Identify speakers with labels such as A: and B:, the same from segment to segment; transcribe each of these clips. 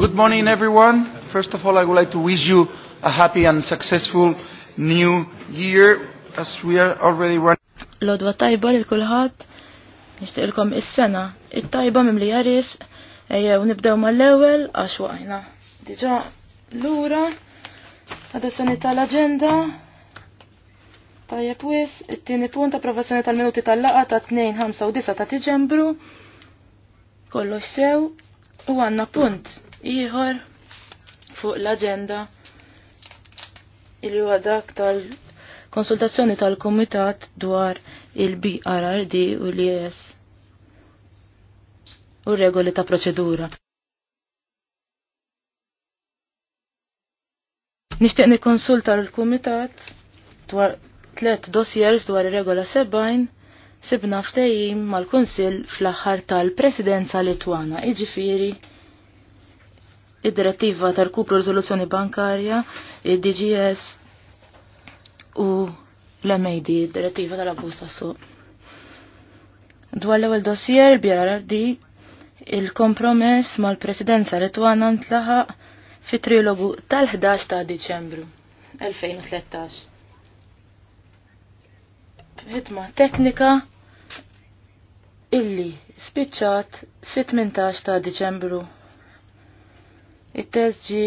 A: Good morning, everyone. First of all, I would like to wish you a happy and successful new year as we are already running. Lodwa tajba lil kulħadd
B: nixtieqilkom is-sena. It-tajba mimli jaris ejjew nibdew mal-ewwel għax waqajna. Diġà lura adozzjoni tal-aġenda tajjeb wis, it-tieni punt approvazzjoni tal-minuti tal-laqa ta' 2, 5 u 9 ta' Diċembru. Kollox sew, U għanna punt ieħor fuq l-agenda il huwa dak tal-konsultazzjoni tal-Komitat dwar il-BRRD u l-IS u regoli ta' proċedura. Nishtiqni konsulta l-Kumitat dwar tlet dossiers dwar ir-regola 70 sibna ftejim mal-Kunsill fl-aħħar tal-Presidenza Litwana, iġifiri id-direttiva tal-kupru Rizoluzzjoni bankarja, id-DGS u l-MAD, id-direttiva tal-abbuż tas-suq. Dwar l-ewwel dossier il-BRRD il-kompromess mal-Presidenza Litwana ntlaħaq fit-trilogu tal-11 ta' Diċembru 2013 ħitma teknika illi spiċċat fit-18 ta' Diċembru. It-test ġi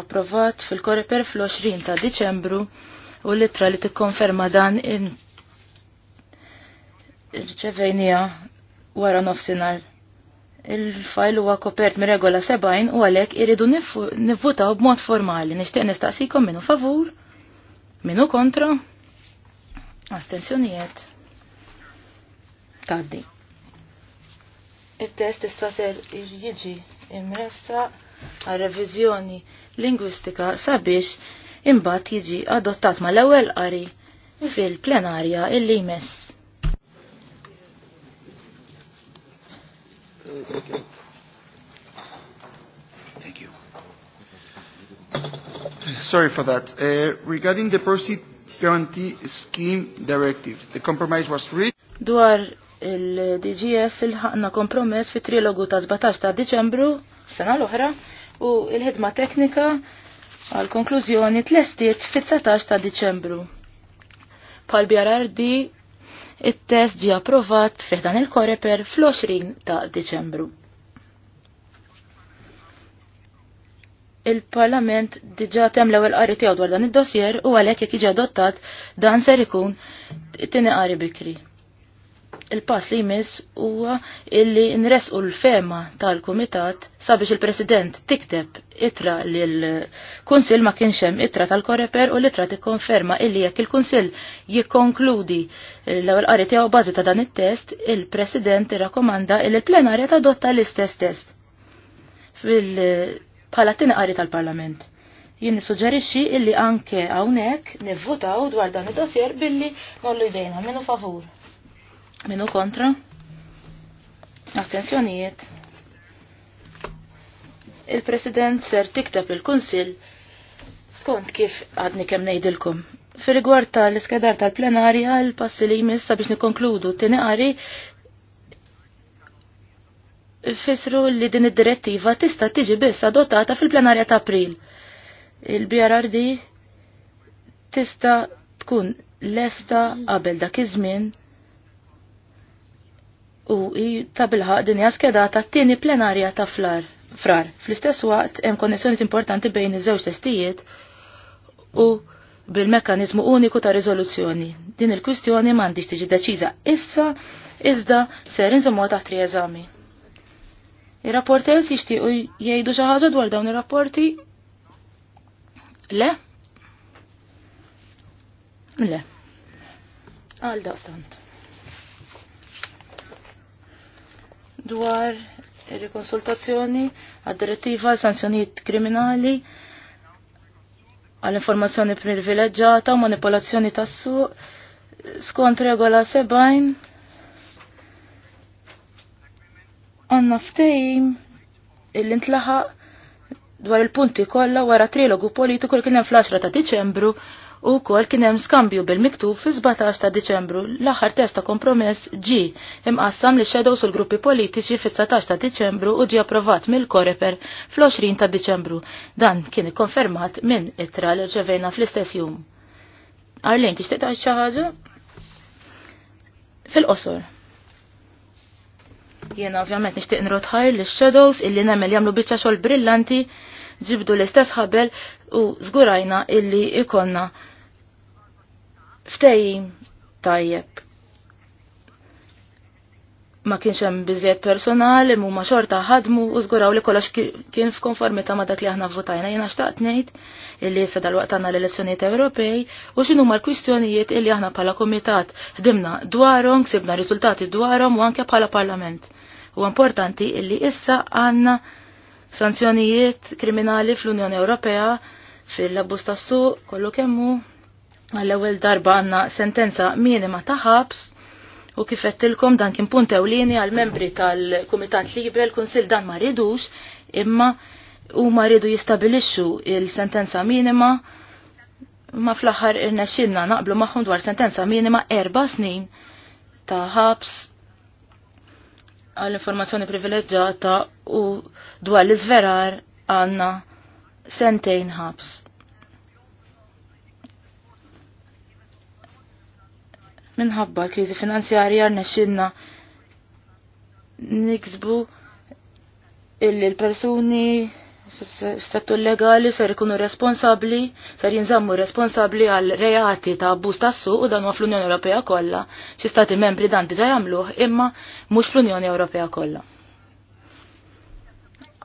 B: approvat fil-Koreper fl-20 ta' Diċembru u l-ittra li tikkonferma dan in ċevejnija wara nofsinhar. Il-fajl huwa kopert mir regola 70 u għalhekk iridu nivvutaw b'mod formali. Nixtieq nistaqsikom minu favur, minu kontra astensjonijiet taddi. Il-test issa ser jiġi imressa għal reviżjoni lingwistika sabiex imbagħad jiġi adottat mal-ewwel qari fil-plenarja illi jmess.
A: Thank you. Sorry for that. Uh, regarding the proceed Guarantee Scheme Directive. The compromise was reached.
B: Dwar il-DGS il-ħakna kompromess fi trilogu ta' 17 ta' Deċembru, sena l-oħra, u il-ħidma teknika għal konklużjoni tlestiet fit 19 ta' Deċembru. Pal BRRD, it-test ġi approvat fiħdan il-koreper fl-20 ta' Deċembru. il-Parlament diġa temlew il-qari tiegħu dwar dan id-dossier u għalhekk jekk jiġi adottat dan ser ikun tieni qari bikri. Il-pass li jmiss huwa illi nresqu l-fema tal-Kumitat sabiex il-President tikteb itra li l-Kunsill ma kienx hemm itra tal-Koreper u l-itra tikkonferma illi jekk il-Kunsill jikkonkludi l-ewwel qari tiegħu bażi ta' dan it-test, il-President irrakkomanda illi l-plenarja tadotta l-istess test. Fil- bħala tinqari tal-Parlament. Jien nissuġġerixxi illi anke hawnhekk nivvutaw dwar dan id-dossier billi mollu jdejna minu favur. Minu kontra? Astenzjonijiet. Il-President ser tikteb il-Kunsill skont kif għadni kemm ngħidilkom. Fil-rigward tal-iskedar tal-plenarja, l-passi li jmissa biex nikonkludu t-tini fissru li din id-direttiva tista' tiġi biss adottata fil-plenarja ta' April. Il-BRRD tista' tkun lesta qabel dak iż-żmien u ta' bilħaq din hija skedata t-tieni plenarja ta' flar. Frar, fl-istess waqt hemm konnessjoni importanti bejn iż-żewġ testijiet u bil-mekkanizmu uniku ta' riżoluzzjoni. Din il-kwistjoni m'għandix tiġi deċiża issa iżda ser inżommuha taħt eżami. Ir-rapporters jixtiequ jgħidu xi ħaġa dwar dawn ir-rapporti? Le? Le. Għal daqstant. Dwar il konsultazzjoni għad-direttiva sanzjonijiet kriminali għall-informazzjoni privileġġata u manipolazzjoni tas-suq skont regola 70 għanna ftejm il-intlaħa dwar il-punti kollha wara trilogu politiku li kien hemm fl-10 ta' Diċembru u wkoll kien hemm skambju bil-miktub fi 17 ta' Diċembru. L-aħħar test ta' kompromess ġi imqassam li xedaw sul gruppi politiċi fi 19 ta' Diċembru u ġi approvat mill-Koreper fl-20 ta' Diċembru. Dan kien ikkonfermat minn itra l rċevejna fl-istess jum. Arlen tixtieq tgħid xi ħaġa? Fil-qosor. Jena ovvjament nixtieq nrotħajr li shadows illi nagħmel jagħmlu biċċa xogħol brillanti, ġibdu l-istess ħabel u żgurajna illi ikonna ftejjim tajjeb ma kienx hemm biżjed personali, huma xorta ħadmu u żguraw li kollox kien f'konformità ma dak li aħna votajna. Jiena xtaqt ngħid illi issa dalwaqt għandna l-elezzjonijiet Ewropej u x'inhu ma l-kwistjonijiet illi aħna bħala kumitat ħdimna dwarhom, ksibna riżultati dwarhom u anke bħala Parlament. U importanti illi issa għandna sanzjonijiet kriminali fl-Unjoni Ewropea fil labbus tas-suq kollu kemmu għall-ewwel darba għandna sentenza minima ta' ħabs U kif għettilkom dan kien punt ewlieni għal membri tal-Kumitant Libel, kunsil dan ma ridux, imma u ma ridu jistabilixxu il-sentenza minima ma fl-aħħar irnexxinna naqblu magħhom dwar sentenza minima erba snin ta' ħabs għall informazzjoni privileġġata u dwar l-iżverar għandna sentejn ħabs minħabba l-kriżi finanzjarja rnexxinna niksbu il-persuni fis-settur legali ser ikunu responsabbli, ser jinżammu responsabbli għal reati ta' abbuż tas-suq u dan huwa fl-Unjoni Ewropea kollha. Xi stati membri dan diġà jagħmluh, imma mhux fl-Unjoni Ewropea kollha.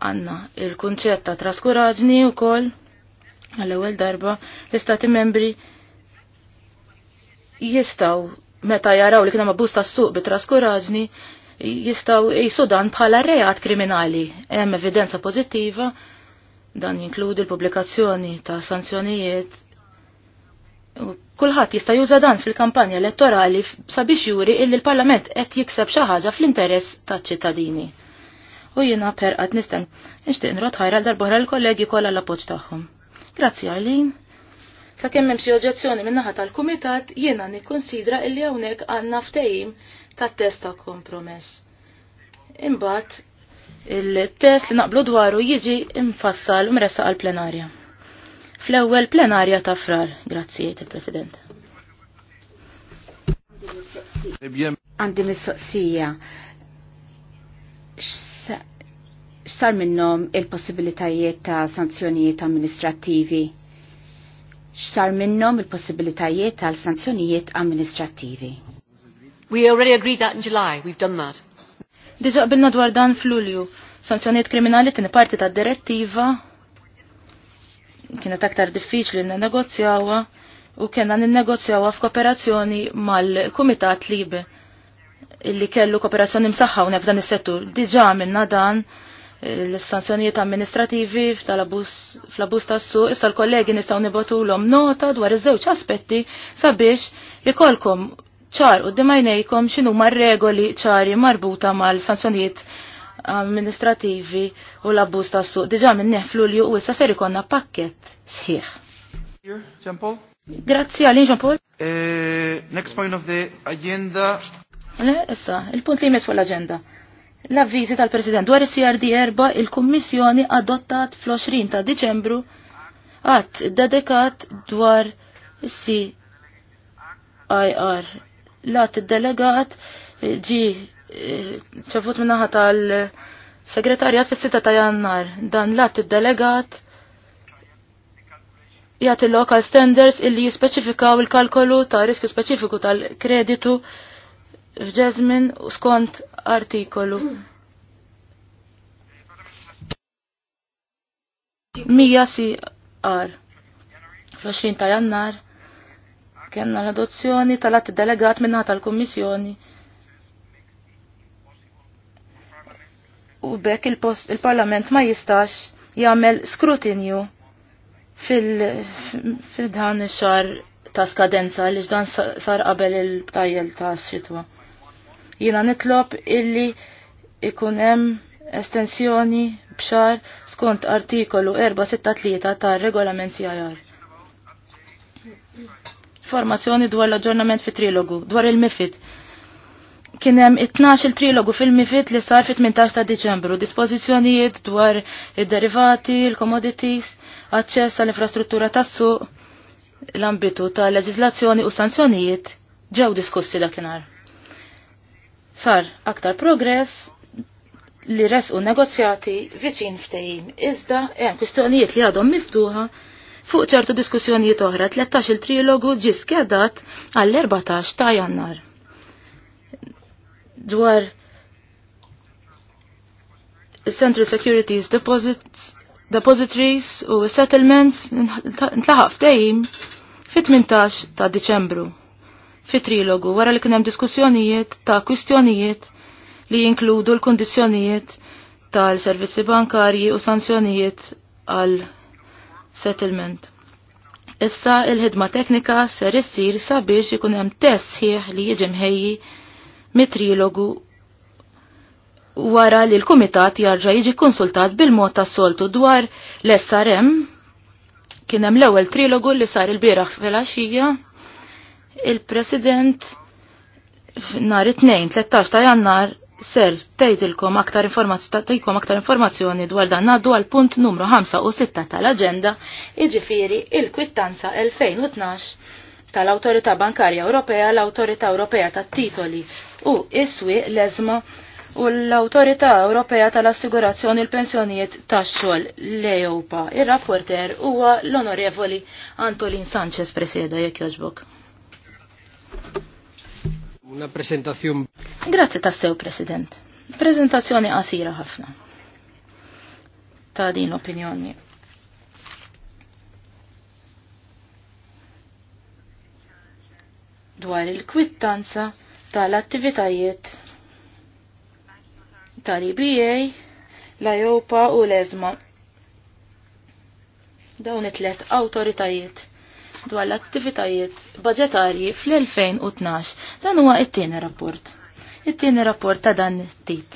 B: Għanna il-kunċett ta' traskuraġni wkoll għall-ewwel darba l-istati membri jistaw meta jaraw li kien hemm abbuż tas-suq bit-traskuraġni jistaw jisu dan bħala reat kriminali. Hemm evidenza pożittiva dan jinkludi l-pubblikazzjoni ta' sanzjonijiet. Kulħadd jista' juża dan fil-kampanja elettorali sabiex juri illi l-Parlament qed jikseb xi ħaġa fl-interess taċ-ċittadini. U jiena perqat nisten nixtieq nrod ħajra l darbohra l-kollegi kollha l-appoġġ tagħhom. Grazzi Arlin. Sakemm hemm xi oġġezzjoni min-naħa tal-Kumitat, jiena nikkonsidra li hawnhekk għandna ftehim tat-test ta' kompromess. Imbagħad il-test li naqblu dwaru jiġi imfassal u mressaq għal plenarja. Fl-ewwel plenarja ta' frar, grazzijiet
C: il-President. Għandi mistoqsija. X'sar minnhom il-possibilitajiet ta' sanzjonijiet amministrattivi? x'sar minnhom il-possibilitajiet għal sanzjonijiet amministrattivi. We already agreed that in July,
D: we've done that.
B: Diġa qbilna dwar dan f'Lulju. Sanzjonijiet kriminali tieni parti tad-direttiva kienet aktar diffiċli n-negozjawa u kena n-negozjawa f'kooperazzjoni mal-Kumitat Libe illi kellu kooperazzjoni msaħħa unek f'dan is-settur. Diġa minna dan l-sanzjonijiet amministrativi fl-abus tas-suq, issa l-kollegi nistgħu om nota dwar iż-żewġ aspetti sabiex ikolkom ċar u dimajnejkom xinu ma regoli ċari marbuta mal sanzjonijiet amministrativi u l-abbuż tas-suq. Diġà minn neħflu li u issa ser ikonna pakket sħiħ. Grazzi għalin Jean Paul.
A: Eh, next point of the agenda.
B: Le, issa, il-punt li jmiss fuq l-agenda l-avviżi tal-President dwar is-CRD erba' il-Kummissjoni adottat fl-20 ta' Diċembru għat dedikat dwar CIR. L-għat delegat eh, ġi eh, ċavut minnaħa tal-segretarjat fis-6 ta' jannar. Dan l-għat delegat jgħat il-local standards illi jispeċifikaw il-kalkolu ta' riskju speċifiku tal-kreditu tal kreditu f'ġazmin u skont artikolu. 100 CR. Fl-20 ta' jannar kena l-adozzjoni tal att delegat minna tal-Kommissjoni. U bekk il-Parlament il ma jistax jagħmel skrutinju fil-dan fil xar ta' skadenza li ġdan sar qabel il-tajjel ta' xitwa. Jina nitlob illi ikunem estensjoni bxar skont artikolu 463 ta' regolament CIR. Formazzjoni dwar l-aġġornament fi trilogu, dwar il-MIFID. Kienem 12 il-trilogu fil-MIFID li sar fit-18 ta' Deċembru, dispożizzjonijiet dwar id-derivati, il-commodities, aċċess għall-infrastruttura tas-suq, l-ambitu ta' leġizlazzjoni u sanzjonijiet ġew diskussi dakinhar sar aktar progress li resqu negozjati viċin ftehim. Iżda hemm kwistjonijiet li għadhom miftuħa fuq ċertu diskussjonijiet oħra 13 il-trilogu ġi skedat għall-14 ta' jannar. Dwar Central Securities Deposits, Depositories u Settlements ntlaħaf ftehim fit-18 ta' Diċembru fi trilogu wara li kien hemm diskussjonijiet ta' kwistjonijiet li jinkludu l-kondizzjonijiet tal-servizzi bankarji u sanzjonijiet għal settlement. Issa il-ħidma teknika ser issir sabiex ikun hemm test sħiħ li jiġi mħejji mit-trilogu wara li l-kumitat jarġa' jiġi konsultat bil-mod tas-soltu dwar l-SRM kien hemm l-ewwel trilogu li sar il-bieraħ fil-għaxija il-President nar it-tnejn 13 ta' jannar ser tgħidilkom aktar informazzjoni aktar informazzjoni dwar dan ngħaddu għal punt numru 5 u 6 tal-aġenda, jiġifieri il-kwittanza 2012 tal-Awtorità Bankarja Ewropea, l autorità Ewropea tat-Titoli u iswi l ezma u l autorità Ewropea tal-Assigurazzjoni l-Pensjonijiet tax-xogħol l-EOPA. Ir-rapporter huwa l-Onorevoli Antolin Sanchez Preseda jekk
C: jogħġbok. Una presentazzjon.
B: Grazzi tassew, President. Prezentazzjoni qasira ħafna. Ta' din opinjoni. Dwar il-kwittanza tal-attivitajiet tal-IBA, l-Ajopa u l-Ezma. Dawn it-tlet autoritajiet dwar l-attivitajiet budgetarji fl-2012. Dan huwa it-tieni rapport. It-tieni rapport ta' dan it-tip.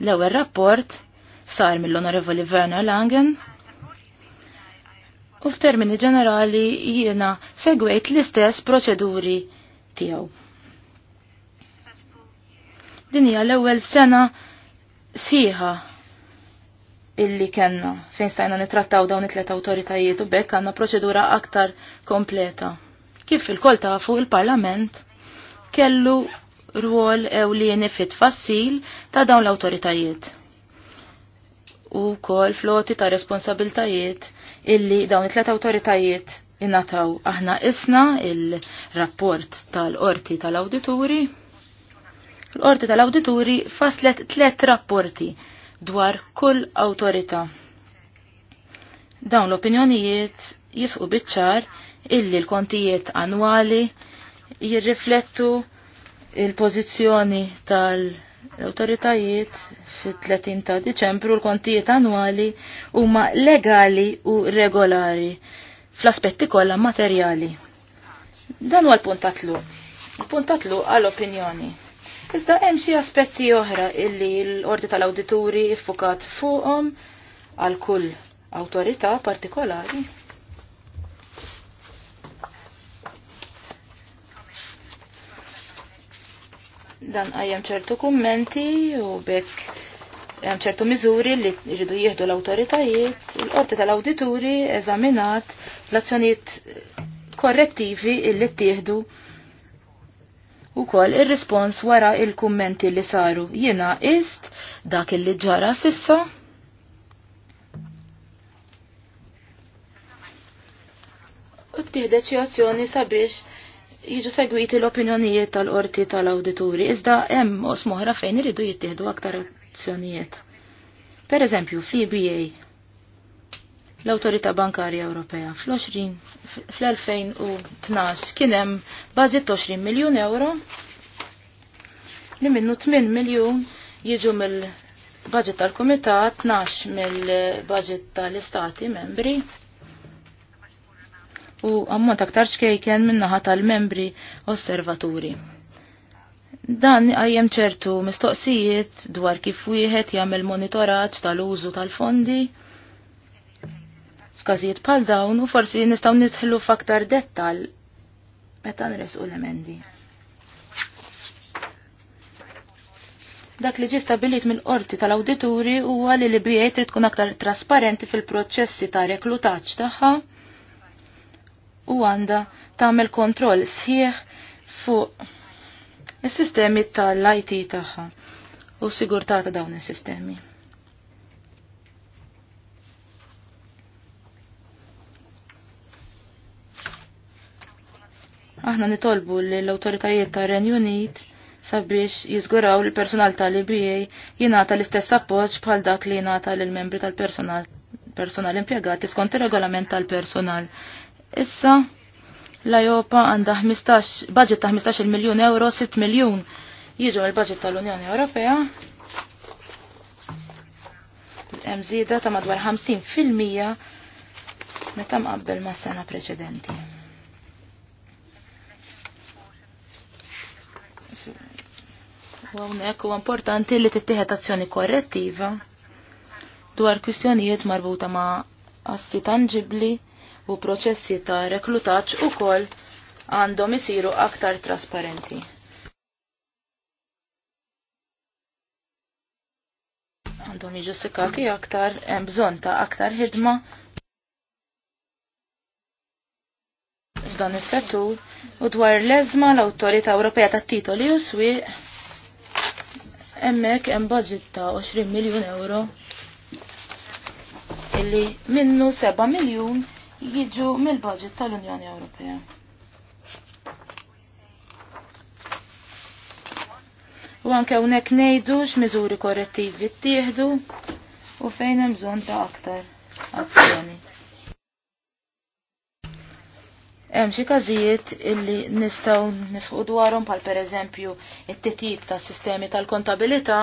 B: L-ewwel rapport sar mill-Onorevoli Werner Langen u f'termini ġenerali jiena segwejt l-istess proċeduri tiegħu. Din hija l-ewwel sena sħiħa illi kenna fejn stajna nitrattaw dawn it-tlet awtoritajiet u bekk għandna proċedura aktar kompleta. Kif il-kol tafu il-Parlament kellu rwol ewlieni fit fassil ta' dawn l-awtoritajiet. U kol floti ta' responsabiltajiet illi dawn it-tlet awtoritajiet innataw aħna isna il-rapport tal-orti tal-awdituri. L-orti tal-awdituri faslet tlet rapporti dwar kull awtorità. Dawn l-opinjonijiet jisqu biċ-ċar illi l-kontijiet annwali jirriflettu il-pożizzjoni tal-awtoritajiet fit-30 ta' Diċembru l-kontijiet annwali huma legali u regolari fl-aspetti kollha materjali. Dan huwa l-puntatlu. Il-puntatlu għall-opinjoni. Iżda hemm xi aspetti oħra illi l-Ordi tal-Awdituri ffukat fuqhom għal kull awtorità partikolari. Dan għajjem ċertu kummenti u bekk hemm ċertu miżuri li jridu jieħdu l-awtoritajiet, l-qorti tal-awdituri eżaminat l-azzjonijiet korrettivi illi ttieħdu u kol il-respons wara il-kummenti li saru jina ist dak li ġara sissa. U t-tihde azzjoni sabiex jiġu segwiti l-opinjonijiet tal-qorti tal-awdituri, iżda hemm osmoħra fejn iridu jittieħdu aktar azzjonijiet. Per eżempju, fl-EBA, l-Autorità Bankarja Ewropea. Fl-2012 kien hemm budget 20 miljun euro li minnu 8 miljun jiġu mill-budget tal-Kumitat, 12 mill-budget tal-Istati membri u ammont aktar xkejken minnaħa tal-membri osservaturi. Dan għajjem ċertu mistoqsijiet dwar kif wieħed jagħmel monitoraġġ tal-użu tal-fondi, tal użu tal fondi F'każijiet bħal dawn u forsi nistgħu nidħlu f'aktar dettal meta nresqu l-emendi. Dak li ġi stabilit mill-qorti tal-awdituri huwa li l-BA trid tkun aktar trasparenti fil-proċessi ta' reklutaġġ tagħha u għandha tagħmel kontroll sħiħ fuq is-sistemi tal-IT tagħha u sigurtà ta' dawn is-sistemi. Aħna nitolbu li l-autoritajiet ta' Renju Unit sabiex jizguraw li personal tal-IBA jingħata l-istess appoġġ bħal dak li jingħata lill membri tal-personal personal impjegati skont ir-regolament tal-personal. Issa l-Ajopa għandha 15 budget ta' 15 miljun euro, 6 miljun jiġu l budget tal-Unjoni Ewropea Mżida ta' madwar 50 fil-mija meta mqabbel mas-sena preċedenti. U huwa importanti li t-tiħet azzjoni korrettiva dwar kwistjonijiet marbuta ma' assi tangibli u proċessi ta' reklutaċ u kol għandhom isiru aktar trasparenti. Għandhom iġussikati aktar, hemm bżonn ta' aktar ħidma f'dan is-settur u dwar l-eżma l-Awtorità Ewropea tat-Titoli u Swieq Emmek hemm budget ta' 20 miljun euro illi minnu 7 miljun jiġu mill-budget tal-Unjoni Ewropea. U anke hawnhekk ngħidu x'miżuri korrettivi ttieħdu u fejn hemm bżonn ta' aktar azzjoni. Hemm xi każijiet illi nistgħu nisħu dwarhom bħal pereżempju it-titjib ta' sistemi tal-kontabilità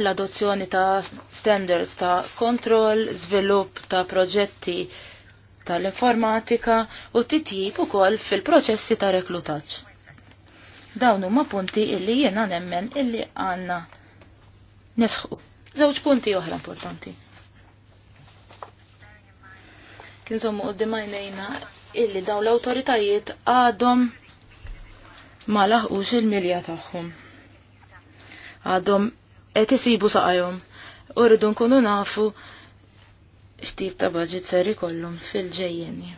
B: l-adozzjoni ta' standards ta' kontroll, żvilupp ta' proġetti tal-informatika u titjib ukoll fil-proċessi ta' reklutaġġ. Dawn huma punti illi jiena nemmen illi għandna nesħu. Żewġ punti oħra importanti nżommu qoddim għajnejna illi daw l-autoritajiet għadhom ma laħqux il-milja tagħhom. Għadhom qed isibu saqajhom u nkunu nafu x'tip ta' budget ser ikollhom fil-ġejjeni.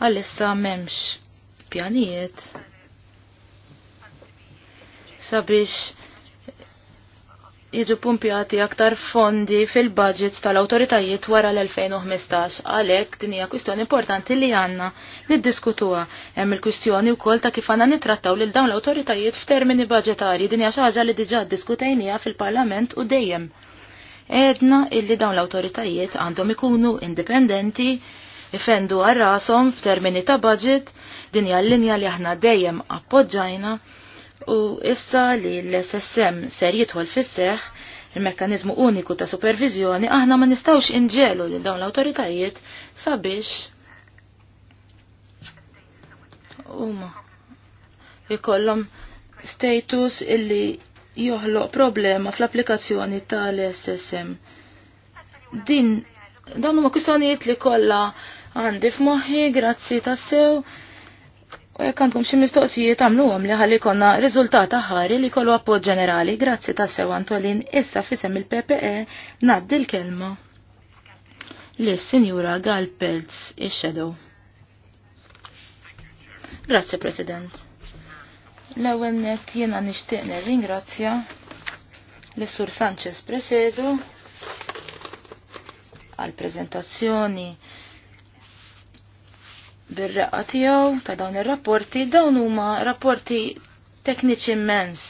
B: Għalissa memx pjanijiet sabiex jiġu pumpjati aktar fondi fil-budgets tal-autoritajiet wara l-2015. Għalek din hija kwistjoni importanti li għanna niddiskutuha. Hemm il-kwistjoni wkoll ta' kif għandna nittrattaw lil dawn l-awtoritajiet f'termini budġetarji din hija xi ħaġa li diġà ddiskutejnija fil-Parlament u dejjem. Edna illi dawn l-awtoritajiet għandhom ikunu indipendenti, ifendu għar rashom f'termini ta' budget, din hija l-linja li aħna dejjem appoġġajna u issa li l-SSM ser jitħol fisseħ il-mekkanizmu uniku ta' supervizjoni aħna ma nistawx inġelu li dawn l-autoritajiet sabiex huma jkollhom status illi joħloq problema fl-applikazzjoni tal-SSM. Din dawn huma kwistjonijiet li kollha għandi f'moħħi grazzi tassew U jekk għandkom xi mistoqsijiet għamluhom li ħalli konna riżultat aħari li kollu appoġġ ġenerali grazzi ta' sew Antolin issa fisem il-PPE ngħaddi l-kelma l sinjura Gal Pelz ix-Shadow. Grazzi President. L-ewwel net jiena nixtieq nirringrazzja l sur Sanchez Presedu għal prezentazzjoni bir-reqqa tiegħu ta' dawn ir-rapporti, dawn huma rapporti tekniċi immens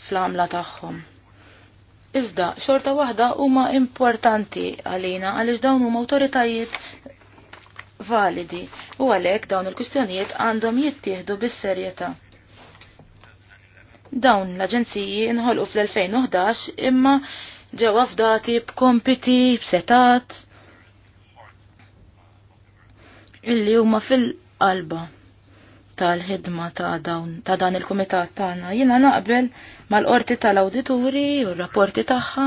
B: fl-għamla tagħhom. Iżda, xorta waħda huma importanti għalina għaliex dawn huma awtoritajiet validi u għalhekk dawn il-kwistjonijiet għandhom jittieħdu bis-serjetà. Dawn l-aġenziji inħolqu fl-2011 imma ġew fdati b'kompiti, b'setat, illi huma fil-qalba tal-ħidma ta' dawn ta' dan il-kumitat tagħna. Jiena naqbel mal-qorti tal-awdituri u r-rapporti tagħha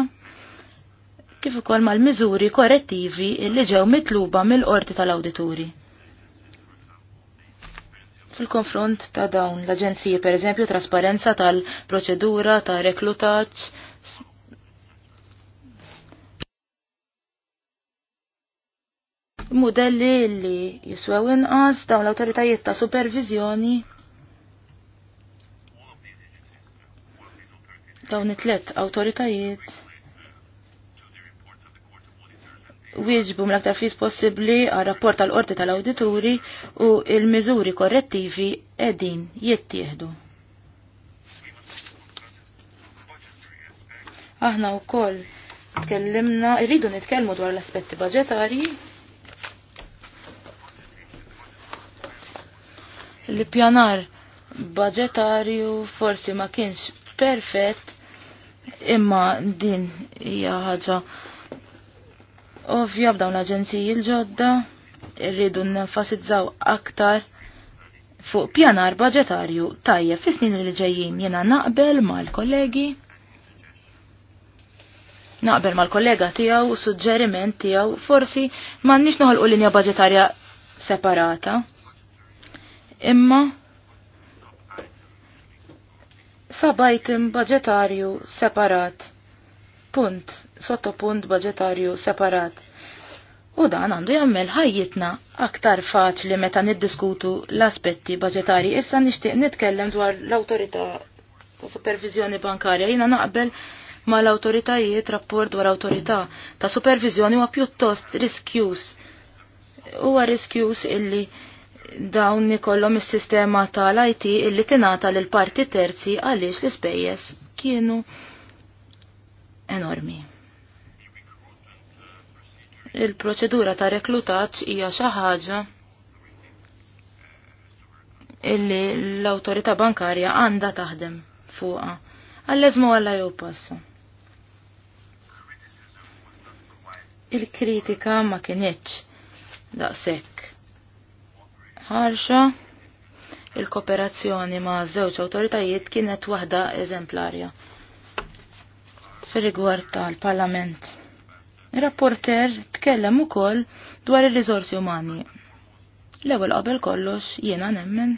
B: kif ukoll mal-miżuri korrettivi li ġew mitluba mill-qorti tal-awdituri. Fil-konfront ta' dawn l-aġenziji pereżempju trasparenza tal-proċedura ta' reklutaġġ modelli li jiswew inqas dawn l-awtoritajiet ta' supervizjoni dawn it-tlet awtoritajiet wieġbu mill-aktar fis possibbli għal rapport tal-qorti tal-awdituri u il-miżuri korrettivi qegħdin jittieħdu. Aħna wkoll tkellimna, irridu nitkellmu dwar l-aspetti budġetarji li pjanar budgetarju forsi ma kienx perfett imma din hija ħaġa ovvja b'dawn l-aġenziji l-ġodda irridu nenfasizzaw aktar fuq pjanar budgetarju tajjeb fi snin li ġejjin jena naqbel mal-kollegi naqbel mal-kollega tijaw u suġġeriment tijaw forsi ma nix noħolqu linja budgetarja separata imma sabajtim budgetarju separat. Punt, sottopunt budgetarju separat. U dan għandu jammel ħajjitna aktar faċli meta niddiskutu l-aspetti budgetari. Issa nixtieq nitkellem dwar l-autorità ta' supervizjoni bankarja. Jina naqbel ma l-autoritajiet rapport dwar autorità ta' supervizjoni huwa pjuttost riskjus. Huwa riskjus illi dawn ikollhom is-sistema tal-IT illi tingħata lil parti terzi għaliex l-ispejjeż kienu enormi. Il-proċedura ta' reklutaġġ hija xi ħaġa illi l-awtorità bankarja għandha taħdem fuqha għall-eżmu għalla jew passa. Il-kritika ma kienieċ daqshekk ħarxa il-kooperazzjoni ma' żewġ awtoritajiet kienet waħda eżemplarja fir-rigward tal-Parlament. Ir-rapporter tkellem ukoll dwar ir-riżorsi umani. L-ewwel qabel kollox jiena nemmen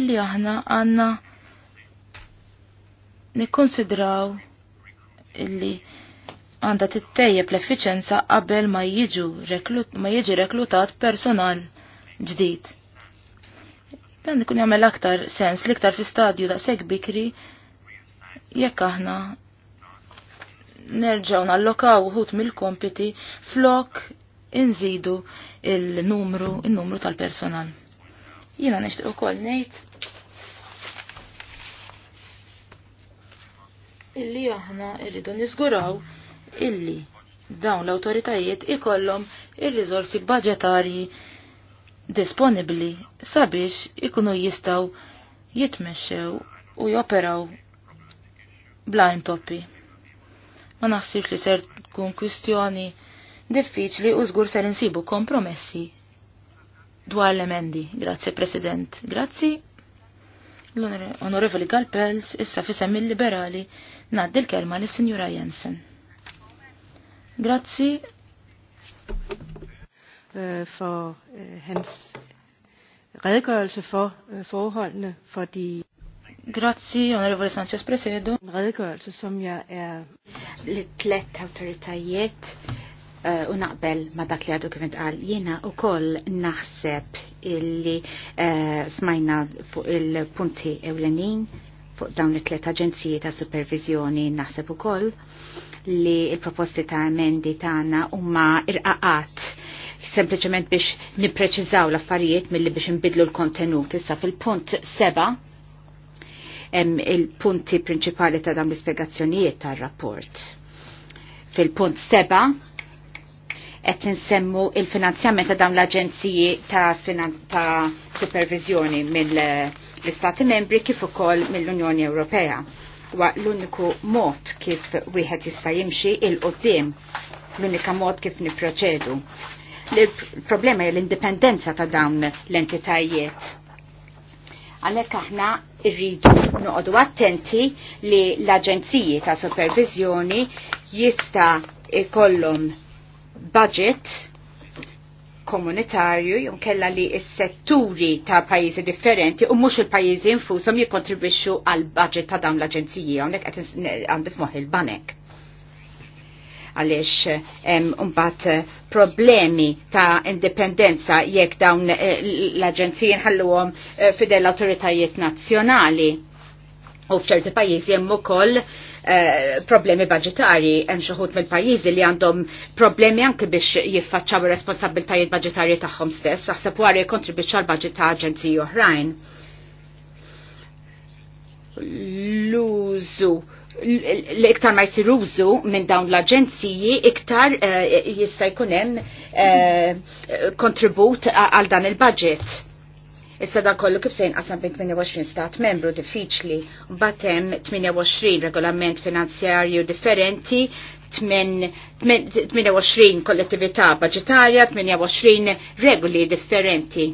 B: illi aħna għandna nikkonsidraw illi għandha tittejjeb l-effiċenza qabel ma jiġu ma jiġi reklutat personal ġdid. Dan ikun jagħmel aktar sens l-iktar fi stadju daqshekk bikri jekk aħna nerġgħu nallokaw uħut mill-kompiti flok inżidu il-numru il-numru tal-personal. Jiena nixtieq ukoll ngħid illi aħna irridu niżguraw illi dawn l-awtoritajiet ikollhom ir-riżorsi budġetarji disponibli sabiex ikunu jistaw jitmexxew u joperaw bla intoppi. Ma naħsibx li ser tkun kwistjoni diffiċli u żgur ser insibu kompromessi dwar l-emendi. Grazzi, President. Grazzi. L-Onorevoli Galpels, issa fisem il-liberali, naddi l-kelma l Jensen. Grazzi øh, for øh, hans redegørelse for øh, forholdene for de Grazie, onorevole
C: Sanchez Presedo. En redegørelse, som jeg er... Lidt let autoritet øh, u naqbel ma dak li għadu kifint għal jena u koll naħseb illi øh, smajna fuq il-punti ewlenin fuq dawn it-tlet aġenziji ta' supervizjoni naħseb u koll li il-proposti ta' emendi ta' għana u ma irqaqat sempliċement biex nipreċizaw l-affarijiet milli biex nbidlu l-kontenut. Issa fil-punt seba' il-punti prinċipali ta' dam l-ispiegazzjonijiet tar-rapport. Fil-punt seba' qed nsemmu il-finanzjament ta' dawn l-aġenziji ta', ta supervizjoni mill-Istati membri kif ukoll mill-Unjoni Ewropea. Wa l-uniku mod kif wieħed jista' jimxi il qoddim l-unika mod kif niproċedu. Il-problema hija l-indipendenza ta' dawn l-entitajiet. Għalhekk aħna irridu noqogħdu attenti li l-aġenziji ta' supervizjoni jista' ikollhom budget komunitarju jumkella li s-setturi ta' pajizi differenti u mux il-pajizi infusom jikontribwixxu għal budget ta' dawn l-aġenziji għonek għandif moħi il-banek għalix umbat problemi ta' indipendenza jekk dawn eh, l-aġenziji nħalluhom eh, fidel l-autoritajiet nazzjonali. U f'ċerti pajjiżi hemm ukoll eh, problemi budgetari hemm xi ħud mill-pajjiżi li għandhom problemi anke biex jiffaċċaw ir-responsabbiltajiet budgetarji tagħhom stess, aħseb wara jikkontribwixxu għal budget ta' aġenziji oħrajn. L-użu l-iktar ma jisir użu minn dawn l-aġenziji, iktar eh, jista' jkun hemm eh, kontribut għal dan il-budget. Issa da kollu kif sejn qasam bejn 28 stat membru diffiċli, mbagħad hemm 28 regolament finanzjarju differenti, 28 kollettività budgetarja, 28 regoli differenti.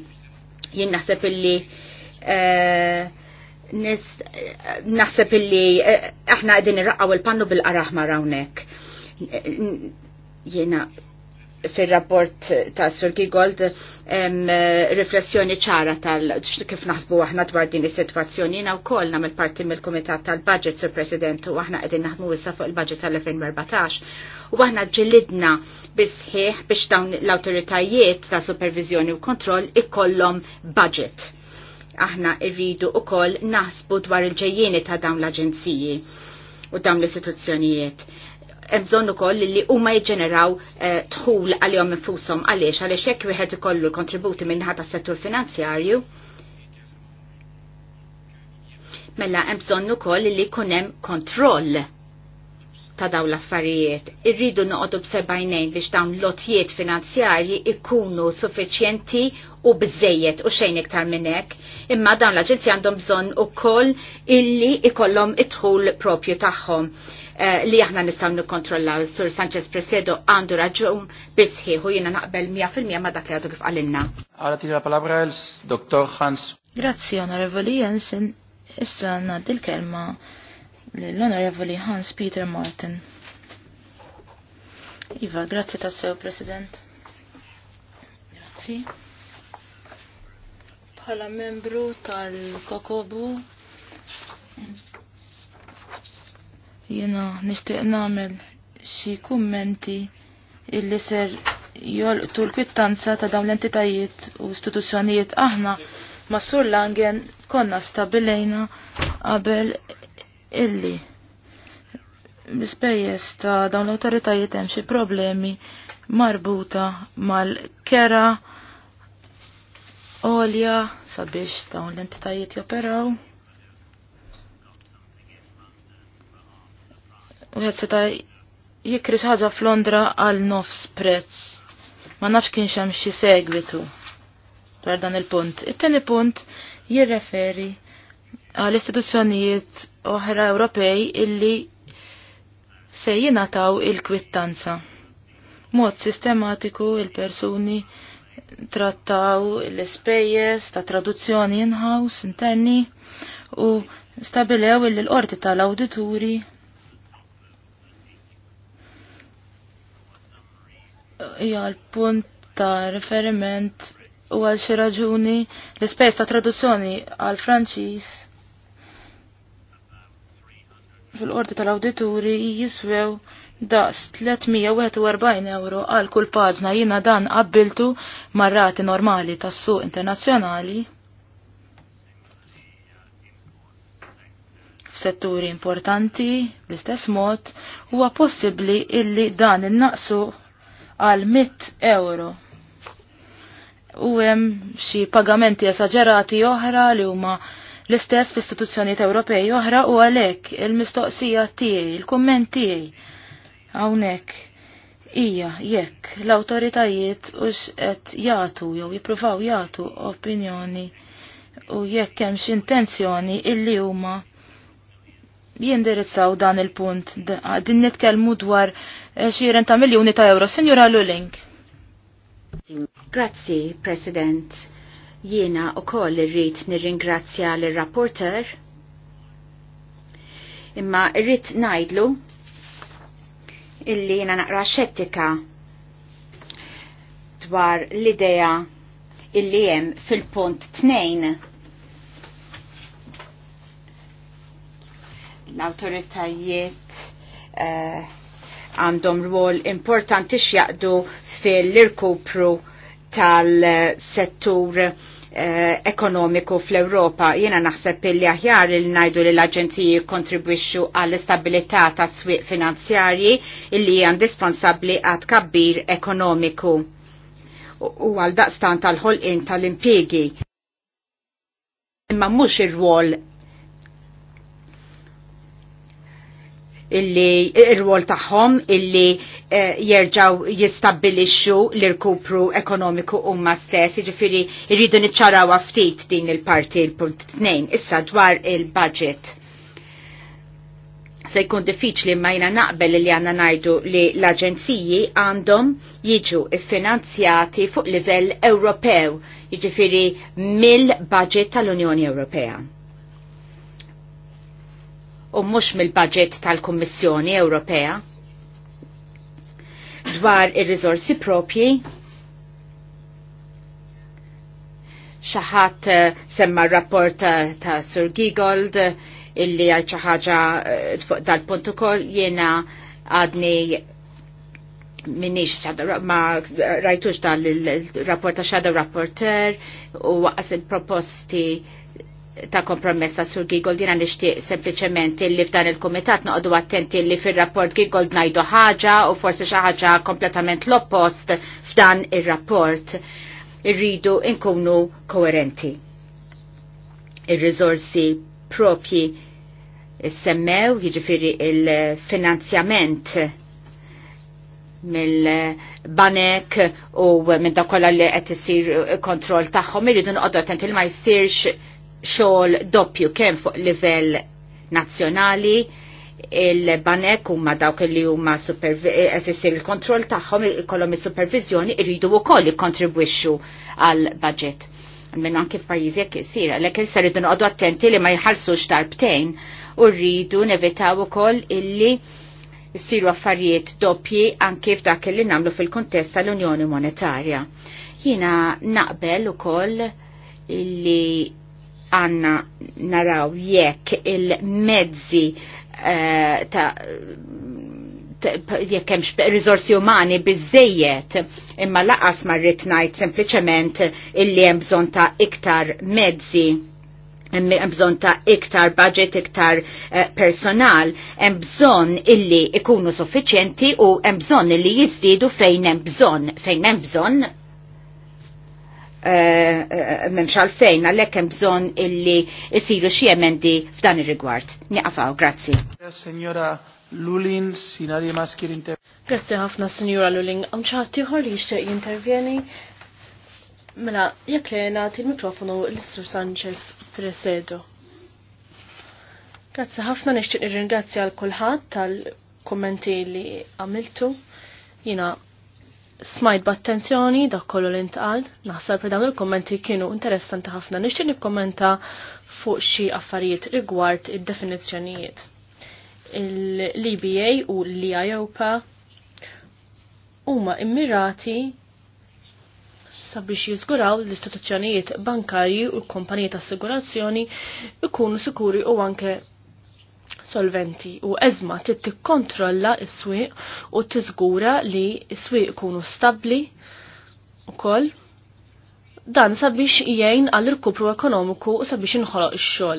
C: Jien naħseb illi uh, naħseb illi eh, aħna qegħdin irraqgħu il-pannu bil-qaraħma hawnhekk. Jiena fil-rapport ta' Surgi Gold riflessjoni ċara tal kif naħsbu aħna dwar din is-sitwazzjoni jina wkoll nagħmel parti mill-Kumitat tal-Budget sur President u aħna qegħdin naħmu issa fuq il-budget tal-2014 u aħna ġilidna bisħiħ biex dawn l-awtoritajiet ta' supervizjoni u kontroll ikollhom budget Aħna irridu u koll naħsbu dwar il-ġejjeni ta' dawn l-aġenziji u dawn l-istituzzjonijiet. Ebżon u koll li huma jġeneraw eh, tħul għal-jom infusom għaliex għaliex jekk wieħed ikollu l-kontributi minnaħa tas settur finanzjarju. Mela hemm bżonn ukoll li jkun hemm kontroll ta' daw l-affarijiet. Irridu noqodu b'sebajnejn biex dawn lotjiet finanzjarji ikunu suffiċjenti u bżejjed u xejn iktar minn hekk, imma dawn l-aġenzji għandhom bżonn ukoll illi ikollhom idħul propju tagħhom eh, li aħna nistgħu nikkontrollaw. Sur Sanchez Presedo għandu raġun u jiena naqbel 100% ma dak li għadu kif għalinna.
A: Għala tira palabra l dr Hans.
C: Grazzi, Onorevoli Jensen. Issa nagħti l-kelma
B: l-Onorevoli Hans Peter Martin. Iva, ta' tassew, President. Grazzi. Bħala membru tal-Kokobu, jena nishtiq namel xi kummenti illi ser jolqtu l-kwittanza ta' dawn l-entitajiet u istituzzjonijiet aħna ma' Sur Langen konna stabilejna qabel illi bispejjes ta' dawn l-awtoritajiet hemm xi problemi marbuta mal-kera olja sabiex dawn l-entitajiet joperaw. U jgħet seta jikri ħaġa f'Londra għal nofs prezz. Ma nafx kien xem xi segwitu dwar dan il-punt. It-tieni punt jirreferi għal istituzzjonijiet oħra Ewropej illi se jingħataw il-kwittanza. Mod sistematiku il-persuni trattaw l-ispejjeż ta' traduzzjoni in-house interni u stabilew illi l-qorti tal-awdituri hija l-punt ta' referiment u għal xi raġuni l-ispejjeż ta' traduzzjoni għal Franċiż fil-qorti tal-awdituri jiswew daqs 341 euro għal kull paġna jina dan qabbiltu marrati normali tas-suq internazzjonali f'setturi importanti bl-istess mod huwa possibbli illi dan innaqsu għal 100 euro. U hemm xi pagamenti esaġerati oħra li huma l-istess f'istituzzjonijiet Ewropej oħra u għalhekk il-mistoqsija tiegħi, il-kumment tiegħi hawnhekk hija jekk l-awtoritajiet hux qed jagħtu jew jippruvaw jagħtu opinjoni u jekk hemm intenzjoni illi huma jindirizzaw dan il-punt din nitkellmu dwar eh, xiren ta' miljuni ta' euro.
C: Sinjura Luling. Grazzi, President Jiena u koll irrit nirringrazzja l-rapporter imma irrit najdlu illi jiena naqra xettika dwar l-idea illi jem fil-punt 2 l-autoritajiet eh, għandhom uh, rwol importanti x'jaqdu fil-irkupru tal-settur eh, ekonomiku fl-Europa. Jena naħseb illi aħjar il najdu li l-aġenziji kontribwixxu għall-istabilità ta' swieq finanzjarji illi jgħan disponsabli għad kabbir ekonomiku u għal daqstan tal-ħolqin tal-impiegi imma mhux ir-rwol illi ir-rwol tagħhom illi eh, jerġaw jistabbilixxu l-irkupru ekonomiku huma stess, jiġifieri jridu niċċaraw ftit din il-parti l-punt tnejn issa dwar il-budget. Se jkun diffiċli ma jina naqbel li għanna najdu li l-aġenziji għandhom jiġu finanzjati fuq livell Ewropew, jiġifieri mill-budget tal-Unjoni Ewropea u mhux mill-budget tal-Kummissjoni Ewropea dwar ir-riżorsi propji xaħat eh, semma rapport ta', Sir Gigold eh, illi għal xaħġa eh, dal-punt ukoll jiena għadni minix ma rajtux dal-rapport ta' Shadow Rapporteur u waqas il-proposti ta' kompromessa sur Gigold jina nishtiq sempliciment illi f'dan il-komitat noqdu attenti illi fil-rapport Gigold najdu ħaġa u forse xaħġa kompletament l-oppost f'dan il-rapport irridu inkunu koerenti. Ir-rizorsi propji semmew jġifiri il-finanzjament mill-banek u minn dakolla li qed isir kontroll tagħhom irridu noqogħdu attenti li ma jsirx xogħol doppju kemm fuq livell nazzjonali il-banek huma dawk li huma essir eh, il-kontroll tagħhom ikollhom is-supervizjoni irridu wkoll jikkontribwixxu għal budget. Minn anki f'pajjiż jekk isir, għalhekk issa rridu noqogħdu attenti li ma jħallsux darbtejn u rridu nevitaw ukoll illi jsiru affarijiet doppji anki f'dak li nagħmlu fil-kuntest tal-Unjoni Monetarja. Jiena naqbel ukoll illi għanna naraw jekk il-mezzi eh, ta' jekk hemmx riżorsi umani biżejjed, imma laqas ma rrid ngħid sempliċement illi hemm bżonn ta' iktar mezzi hemm bżonn ta' iktar budget, iktar eh, personal, hemm bżonn illi ikunu suffiċjenti u hemm bżonn illi jiżdiedu fejn hemm bżonn, fejn hemm bżonn Eh, eh, minn x'alfejn għalhekk hemm bżonn illi jisiru xi emendi f'dan ir-rigward. Niqafaw, grazzi.
A: Signora Lulin, sinadi maskir intervjeni. Grazzi ħafna Signora Lulin,
D: Għamċaħti ċaħti li jixtieq intervjeni. Mela, jekk lejna til mikrofonu l-Istru Sanchez Presedo. Grazzi ħafna nixtieq nirringrazzja għal kulħadd tal-kummenti li għamiltu. Jina smajt b'attenzjoni dak kollu li ntqal, naħseb li dawn il-kommenti kienu interessanti ħafna nixtieq nikkommenta fuq xi affarijiet rigward id-definizzjonijiet. Il-LBA u l-IOPA huma immirati sabiex jiżguraw l-istituzzjonijiet bankarji u l-kumpaniji ta' assigurazzjoni ikunu sikuri u anke solventi u ezma trid tikkontrolla s-swieq u tiżgura li s-swieq ikunu stabbli koll. dan sabiex jgħin għall rkupru ekonomiku u sabiex nħolo ix-xogħol.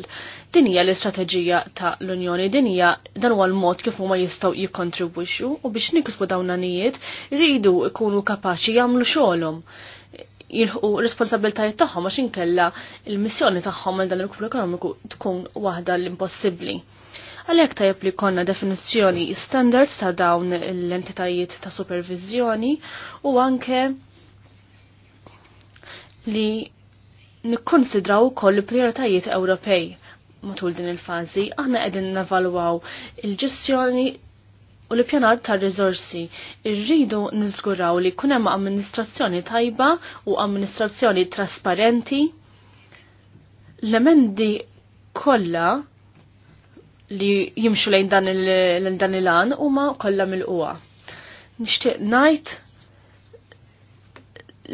D: Din hija l-istrateġija ta' l-Unjoni, din hija dan huwa l-mod kif huma jistgħu jikkontribwixxu u biex nikisbu dawn anijiet rridu jkunu kapaċi jagħmlu xogħolhom jilħu responsabiltajiet tagħhom għax inkella l missjoni tagħhom għal dan il-kupru ekonomiku tkun waħda l-impossibbli għalhekk tajjeb li konna definizzjoni standards ta' dawn l-entitajiet ta' supervizjoni u anke li nikkonsidraw ukoll prioritajiet Ewropej matul din il-fazi, aħna qegħdin navalwaw il-ġestjoni u l-pjanar ta' rizorsi. Irridu nizguraw li kunem amministrazzjoni tajba u amministrazzjoni trasparenti. L-emendi kolla li jimxu lejn dan il-an u huma kollha mill-qwa. Nixtieq ngħid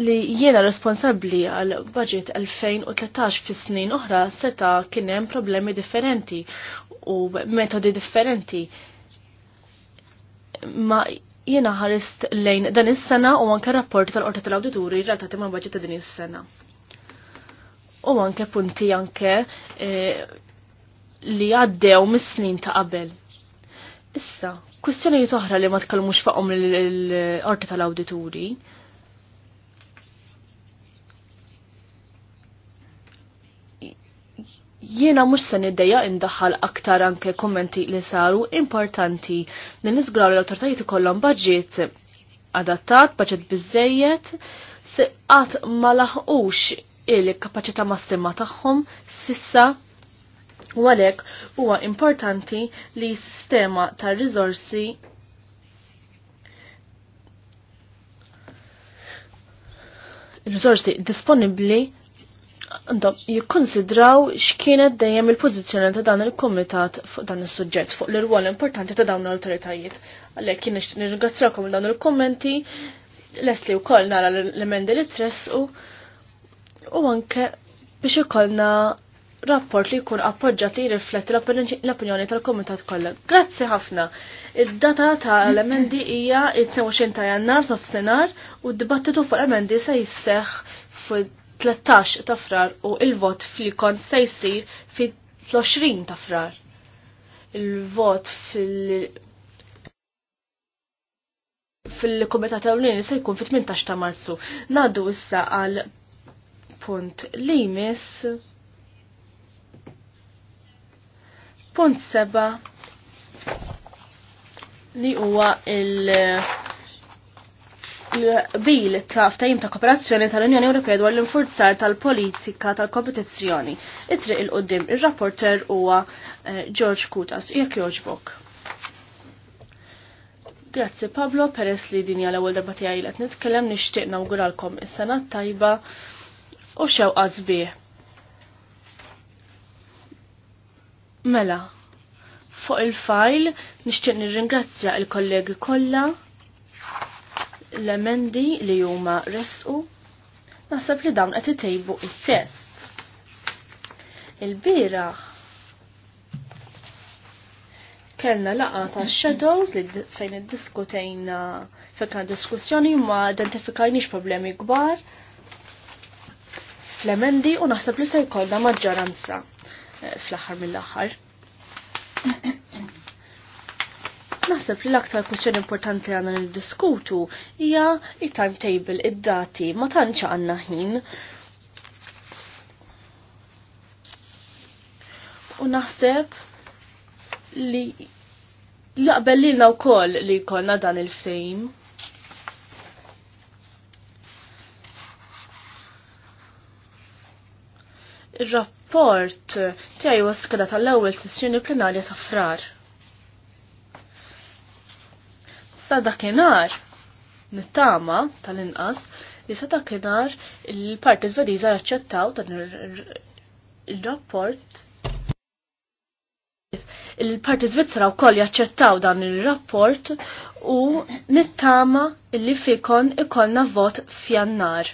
D: li jiena responsabbli għal budget 2013 fis snin oħra seta kien hemm problemi differenti u metodi differenti. Ma jiena ħarist lejn dan is-sena u anke rapporti tal-qorti tal-awdituri relatati ma' budget ta' din is-sena. U anke punti anke eh, li għaddew mis-snin ta' qabel. Issa, kwistjonijiet oħra li ma tkellmux faqhom l-qorti tal-awdituri. Jiena mhux se deja indaħħal aktar anke kommenti li saru importanti li nisgraw l autoritajiet ikollhom budget adattat, budget bizzejiet, siqqat ma laħqux il-kapaċità massima tagħhom sissa U għalek huwa importanti li s-sistema ta' rizorsi rizorsi disponibli għandhom jikkonsidraw x'kienet dejjem il-pożizzjoni ta' dan il-komitat fuq dan is-suġġett fuq l-irwol importanti ta' dawn l-awtoritajiet. Għalhekk kien nirringrazzjakom dawn il-kommenti, lesli wkoll nara l-emendi li tressu u anke biex ikollna rapport li jkun appoġġat li jirrifletti l-opinjoni tal-Komitat kollha. Grazzi ħafna. Id-data tal-emendi hija il-22 ta' jannar sofsinhar u d-dibattitu fuq emendi se jisseħ fu 13 ta' frar u il-vot fil-kon se jsir fi 20 ta' frar. Il-vot fil- fil-Komitat Ewlieni se jkun fit-18 ta' Marzu. Nadu issa għal punt li Punt seba li huwa il- bil taf tajim ta' kooperazzjoni tal-Unjoni Ewropea dwar l-infurzar tal-politika tal-kompetizzjoni. Itri il-qoddim il-rapporter huwa eh, George Kutas, jekk Bok. Grazzi Pablo, peress li dinja l-ewwel darba tiegħi qed nitkellem nixtieq nawguralkom is-sena tajba u xew sbieħ. Mela, fuq il-fajl nixtieq nirringrazzja il-kollegi kollha l-emendi li huma resqu naħseb li dawn qed itejbu il test Il-bieraħ kellna laqa ta' shadows li fejn iddiskutejna fekna diskussjoni ma identifikajniex problemi kbar fl-emendi u naħseb li se jkollna maġġoranza fl-aħħar mill-aħħar. Naħseb li l-aktar kwestjoni importanti għandna niddiskutu hija il-timetable, id-dati, ma tantx għanna ħin. U naħseb li jaqbel lilna wkoll li jkollna dan il-ftejm. il rapp rapport tiegħi waskela tal-ewwel sessjoni plenarja ta' frar. Sa dakinhar nittama tal-inqas li sa dakinhar il-parti żvediża jaċċettaw dan ir-rapport il-Parti Svizzera u koll jaċċettaw dan il-rapport u nittama li fikon ikollna vot fjannar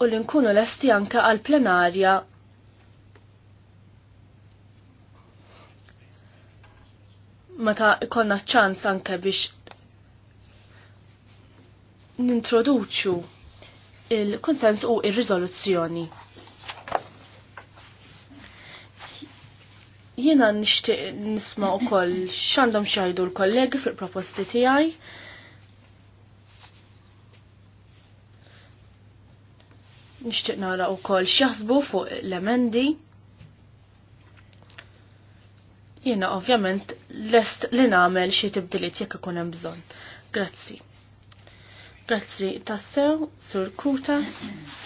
D: u li nkunu lesti anka għal plenarja meta ikonna ċans anke biex nintroduċu il-konsens u il-rizoluzzjoni. Jiena nixtieq nisma' ukoll x'għandhom xajdu l-kollegi fil-proposti tiegħi. Nixtieq nara koll xaxbu fuq l-emendi. Jiena ovvjament lest li nagħmel xi tibdiliet jekk ikun hemm bżonn. Grazzi. Grazzi tassew sur Kutas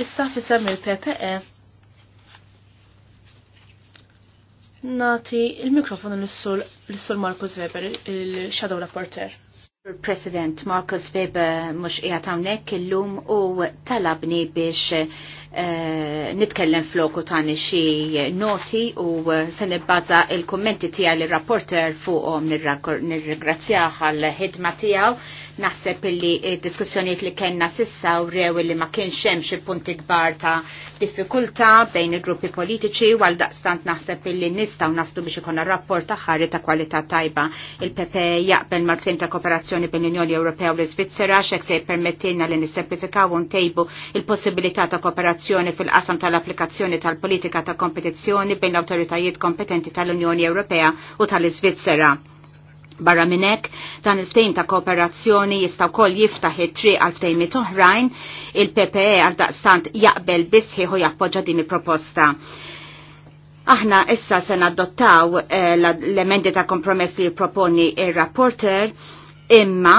D: issa fisem il-PPE. Nati il-mikrofonu l-sul l-Sur Marcus Weber, il-Shadow Rapporter.
C: President Marcus Weber mux qiegħed hawnhekk illum u talabni biex eh, nitkellem floku tani xi noti u eh, se baza il-kummenti tiegħi li rapporter fuqhom nirringrazzjah għall ħidma tiegħu. Naħseb illi diskussjonijiet li kellna sissa u rew li ma kienx hemm xi punti kbar ta' diffikulta bejn il-gruppi politiċi għal daqstant naħseb illi u naslu biex ikun rapport ta' ta' kwalità kwalità tajba. Il-PP e jaqbel mal-ftim ta' kooperazzjoni bejn l-Unjoni Ewropea u l-Svizzera xek se jippermettilna li nissemplifikaw un tejbu il-possibilità ta' kooperazzjoni fil-qasam tal-applikazzjoni tal-politika ta' kompetizzjoni bejn l-autoritajiet kompetenti tal-Unjoni Ewropea u tal-Svizzera. Barra minnek, dan il-ftejm ta' kooperazzjoni jistaw kol jiftaħ it-triq għal ftejmiet oħrajn, il-PPE għal daqstant jaqbel bisħiħu jappoġġa din il-proposta. Aħna issa se nadottaw eh, l-emendi ta' kompromess li proponi il-rapporter imma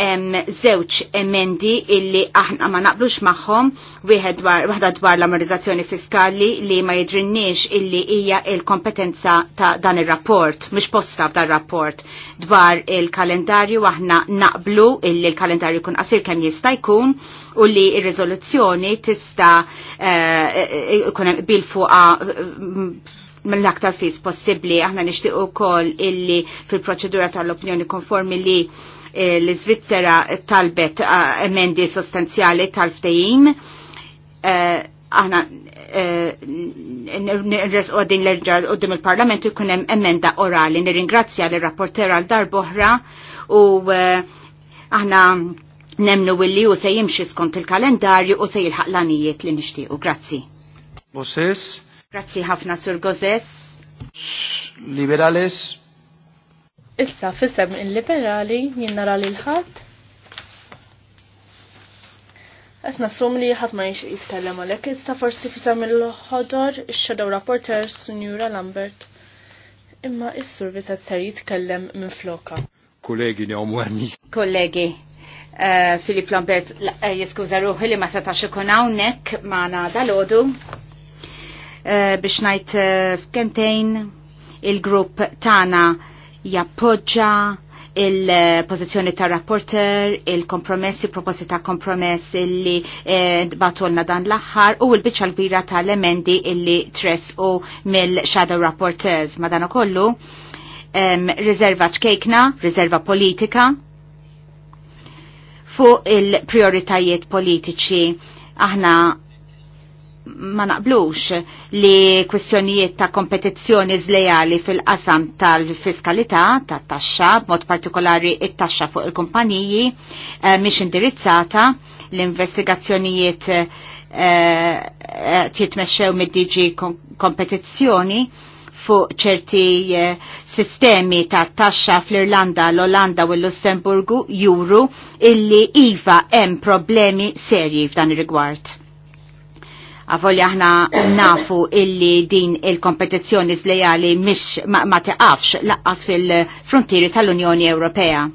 C: em, zewċ emendi illi aħna ma naqblux maħħom waħda dwar l amorizzazzjoni fiskali li ma jidrinniex illi hija il-kompetenza ta' dan ir rapport mhux posta f'dan rapport dwar il-kalendarju aħna naqblu illi l kalendarju kun qasir kemm jista' jkun u li r riżoluzzjoni tista' eh, eh, ikun hemm bil fuqa eh, mill-aktar fis possibbli aħna nixtieq ukoll illi fil-proċedura tal-opinjoni konformi li Eh, l-Svizzera talbet eh, emendi sostanzjali tal-ftejim. Eh, aħna nirres u għadin l-erġal u il-parlament ikunem emenda orali. Nirringrazzja l-rapporter għal darboħra u aħna nemnu willi u se jimxi skont il-kalendarju u se jilħaq l-anijiet li nixtiequ. Grazzi. Bosses. Grazzi ħafna sur Gozes. Liberales.
D: Issa fissem il-liberali jinnara li l-ħadd. Qed sum li ħad ma jiexi jitkellem għalhekk issa forsi fisem il-ħodor il shadow rapporter Signora Lambert. Imma issur sur ser
C: jitkellem minn floka.
D: Kollegi ne omwerni.
C: Kollegi, Filip eh, Lambert eh, jiskuza ruħi li ma setax ikun hawnhekk magħna dal-għodu eh, biex ngħid f'kemtejn il-grupp tagħna jappoġġa il-pozizjoni ta' rapporter, il-kompromessi, proposti ta' kompromess illi eh, batolna dan l-axħar u l-bicċa l-bira ta' l-emendi illi tres u mill-shadow rapporters. Madana kollu, eh, riserva ċkejkna, riserva politika fuq il-prioritajiet politiċi aħna ma naqblux li kwestjonijiet ta' kompetizzjoni zlejali fil-qasam tal-fiskalità, tat taxxa, b'mod partikolari it-taxxa fuq il-kumpaniji, eh, mhix miex indirizzata l-investigazzjonijiet eh, tjitmexxew eh, mid-DG kompetizzjoni fuq ċerti eh, sistemi ta' taxxa fl-Irlanda, l-Olanda u l-Lussemburgu juru illi iva hemm problemi serji f'dan ir-rigward Għavolja aħna nafu illi din il-kompetizzjoni zlejali mish ma, ma laqqas fil-frontieri tal-Unjoni Ewropea.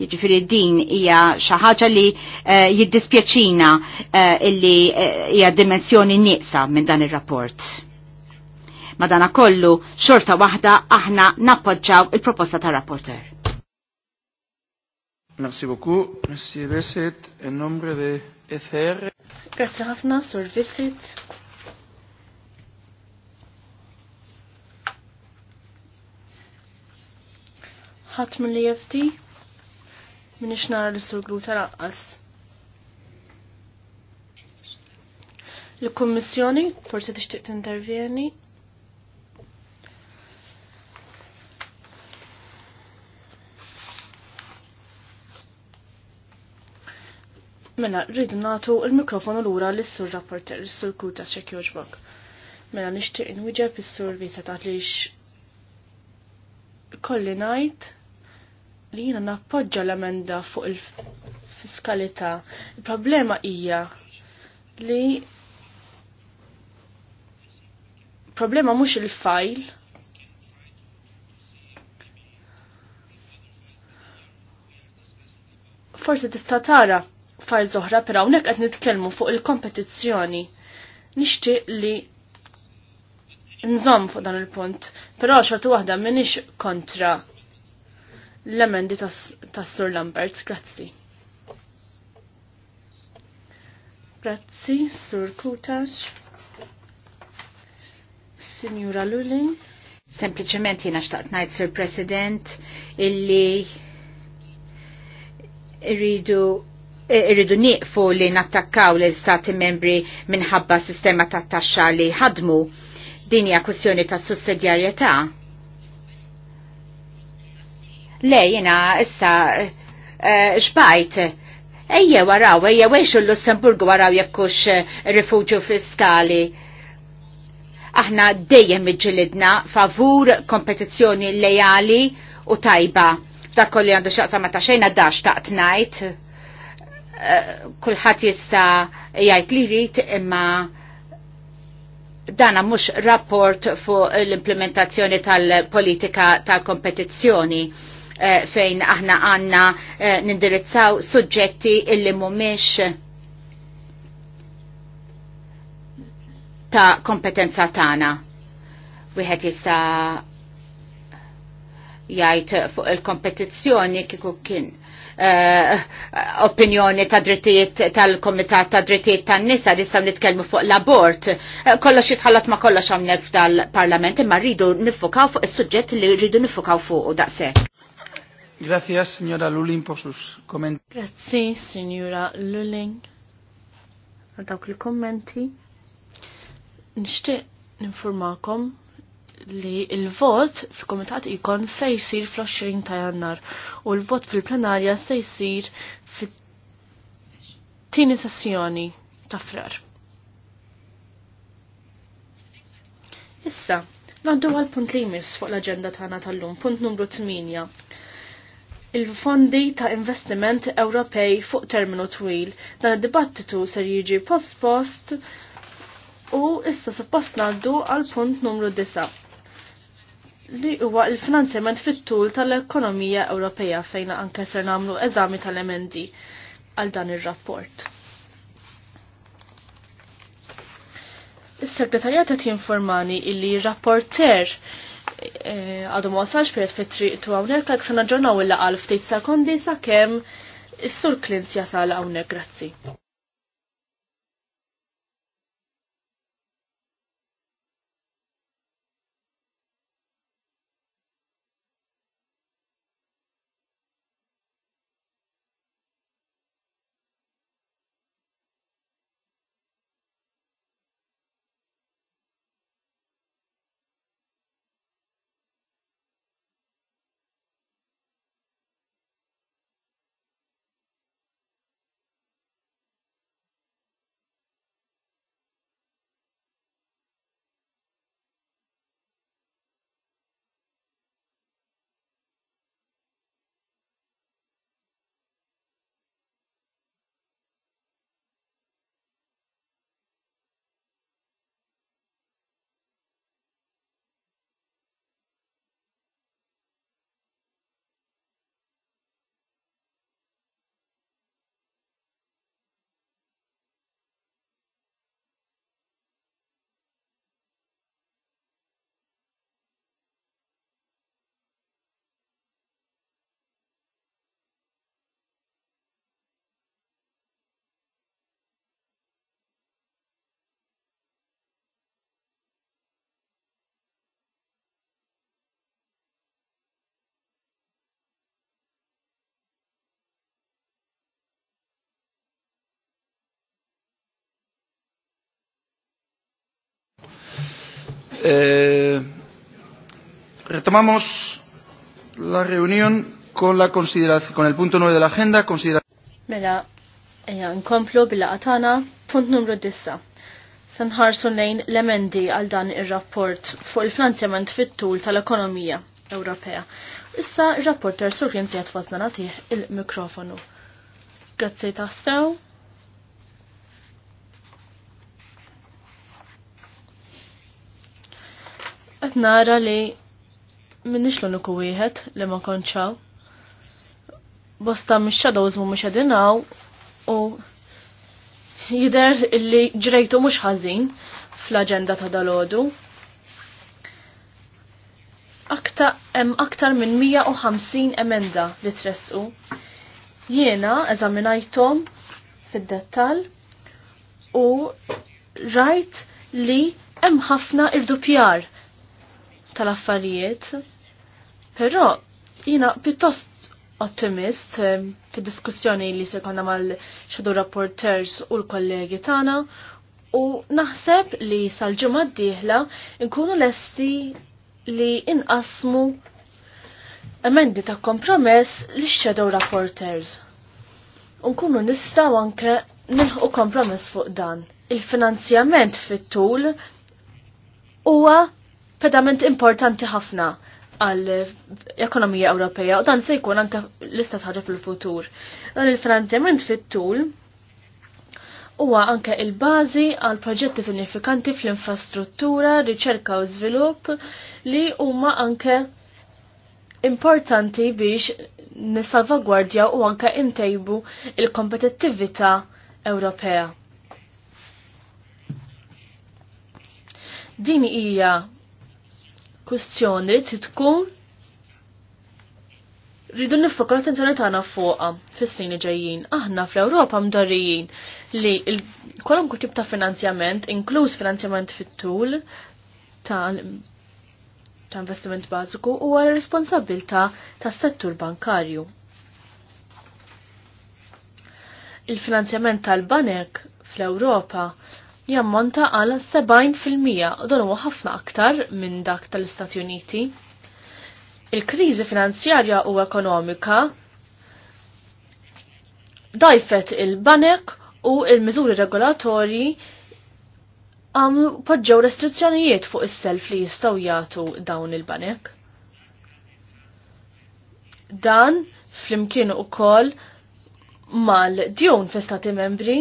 C: Jiġifieri din hija xi ħaġa li uh, jiddispjaċina uh, illi eh, hija uh, dimensjoni nieqsa minn dan ir-rapport. Madana kollu xorta waħda aħna nappoġġaw il-proposta tar-rapporter.
A: Merci beaucoup, Monsieur Besset, en nombre de FR.
D: Grazie ħafna, Sur Visit. ħat mill jefti minn ixnara li sur gruta laqqas. L-Kommissjoni forse tixtieq intervjeni Mela, rridu natu il-mikrofonu l-ura l-sur rapporter, l-sur kuta xek joġbok. Mela, nishtiq inwiġeb il-sur vita taħlix kolli najt li jina nappoġġa l-emenda fuq il-fiskalità. Il-problema hija li problema mhux il-fajl forsi tista' tara affarijiet zohra, però hawnhekk qed nitkellmu fuq il-kompetizzjoni. Nixtieq li nżomm fuq dan il-punt, però xorta waħda m'iniex kontra l-emendi tas-Sur Lambert, grazzi. Grazzi, Sur Kutax.
C: Signora Lulin. Sempliciment jina xtaqt najt, Sur President, illi irridu irridu nieqfu li nattakkaw l stati membri minħabba sistema ta' taxxa li ħadmu. Din hija kwestjoni ta' sussidjarjetà. Le, jena, issa, eh, xbajt, ejje waraw, ejja wex l-Lussemburgu waraw jekkux eh, rifugju fiskali aħna dejjem iġġilidna favur kompetizzjoni lejali u tajba. Dak kolli għandu xaqsa ma ta' xejn dax taqt ngħid kulħadd jista' jgħid li jrid imma dana mhux rapport fuq l-implementazzjoni tal-politika tal-kompetizzjoni eh, fejn aħna għanna eh, nindirizzaw suġġetti illi mhumiex ta' kompetenza tagħna. Wieħed jista' jgħid fuq il-kompetizzjoni kieku kien uh, opinjoni ta' drittijiet tal-Komitat ta' drittijiet tan-nisa li sam nitkellmu fuq l-abort. Eh, kollox jitħallat ma' kollox hawnhekk f'dal-Parlament imma rridu nifukaw fuq is sujġet li rridu nifukaw fuq daqshekk.
A: Grazie, signora Lulin, po' sus commenti. Grazie, signora
D: Lulin. għadawk il-kommenti. Nishtiq ninformakom li il-vot fil-komitat ikon se jisir fl-20 ta' jannar u l-vot fil-plenarja se jisir fil tini sessjoni ta' frar. Issa, naddu għal punt li jmiss fuq l-agenda tagħna tal-lum, punt numru 8. Il-fondi ta' investiment Ewropej fuq terminu twil dan id-dibattitu ser jiġi post-post u issa suppost naddu għal punt numru 9 li huwa l-finanzjament fit-tul tal-ekonomija Ewropea fejn anke ser nagħmlu eżami tal-emendi għal dan ir-rapport. Is-segretarjat qed jinformani illi rapporter eh, għadu ma wasalx peress fit-triq tu hawnhekk għalhekk se naġġornaw il-laqal ftit sekondi sakemm is-sur Klins jasal hawnhekk grazzi.
A: Eh, retomamos la reunión con la consideración con el punto 9 de la agenda considera
D: Mela, eja, nkomplu billa għatana, punt numru dissa. Sanħarsu lejn l-emendi għal dan ir-rapport fuq il-finanzjament fit-tul tal-ekonomija Ewropea. Issa il rapporter Sur Jens jgħat fosna il-mikrofonu. Grazzi tassew. qed nara li minnix l-uniku wieħed li ma konċaw. Bosta mix-shadows mhumiex qegħdin u jider li ġrejtu mhux ħażin fl-aġenda ta' dalodu. Akta, hemm aktar minn 150 emenda li tressqu. Jiena eżaminajthom fid-dettall u rajt li hemm ħafna irdupjar tal-affarijiet. Però jina pjuttost ottimist ehm, fid diskussjoni li se konna mal-shadow rapporters u l-kollegi tagħna u naħseb li sal-ġimgħa d-dieħla nkunu lesti li inqasmu emendi ta' kompromess li shadow rapporters. Unkunu nistaw anke nilħu kompromess fuq dan. Il-finanzjament fit-tul huwa pedament importanti ħafna għall-ekonomija Ewropea u dan se jkun anke l-istess ħaġa fil-futur. Dan il-finanzjament fit-tul huwa anke il-bażi għal proġetti sinifikanti fl-infrastruttura, riċerka u żvilupp li huma anke importanti biex nissalvagwardja u anke imtejbu il-kompetittività Ewropea. Din hija kustjoni trid tkun rridu nifokka l-attenzjoni tagħna fuqha fis-snin li ġejjin. Aħna fl-Ewropa mdarrijin li kwalunkwe tip ta' finanzjament, inkluż finanzjament fit-tul ta' investiment bażiku huwa responsabilta tas-settur bankarju. Il-finanzjament tal-banek fl-Ewropa jammonta għal 70% u dan huwa ħafna aktar minn dak tal-Istati Uniti. Il-kriżi finanzjarja u ekonomika dajfet il-banek u il-miżuri regolatorji għam poġġew restrizzjonijiet fuq is-self li jistgħu jagħtu dawn il-banek. Dan flimkien ukoll mal-djun fl-Stati membri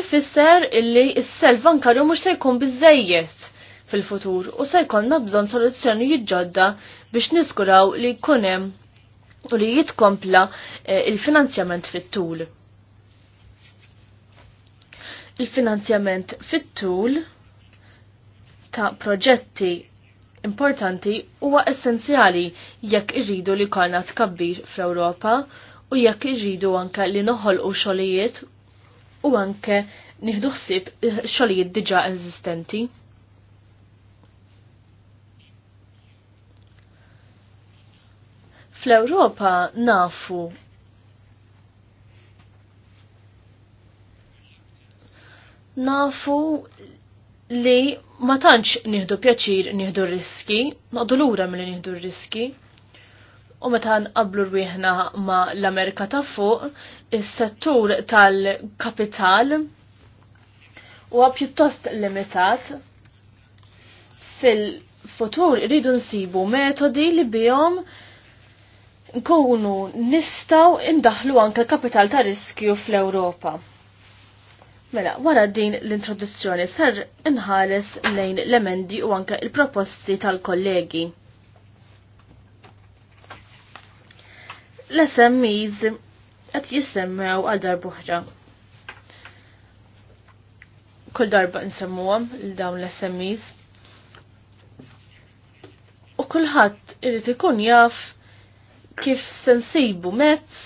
D: ifisser illi s-self bankarju mhux se jkun bizzejjes fil-futur u se jkollna bżonn soluzzjonijiet ġodda biex niskuraw li jkun hemm u li jitkompla eh, il-finanzjament fit-tul. Il-finanzjament fit-tul ta' proġetti importanti huwa essenzjali jekk irridu li kolna tkabbir fl-Ewropa u jekk irridu anke li noħolqu xogħlijiet u anke nieħdu ħsieb xogħlijiet diġà eżistenti. Fl-Ewropa nafu nafu li ma tantx nieħdu pjaċir nieħdu riski, naqdu lura milli nieħdu riski. U meta nqablu rwieħna ma l-Amerika ta' fuq, is-settur tal-kapital huwa pjuttost limitat fil-futur iridu nsibu metodi li bihom nkunu nistaw indaħlu anke kapital ta' riskju fl-Ewropa. Mela, wara din l-introduzzjoni ser inħares lejn l-emendi u anke il-proposti tal-kollegi. l-SMEs qed jissemmew għal darbuħra. Kull darba nsemmuhom l dawn l-SMEs. U kulħadd irid ikun jaf kif sensibu mezz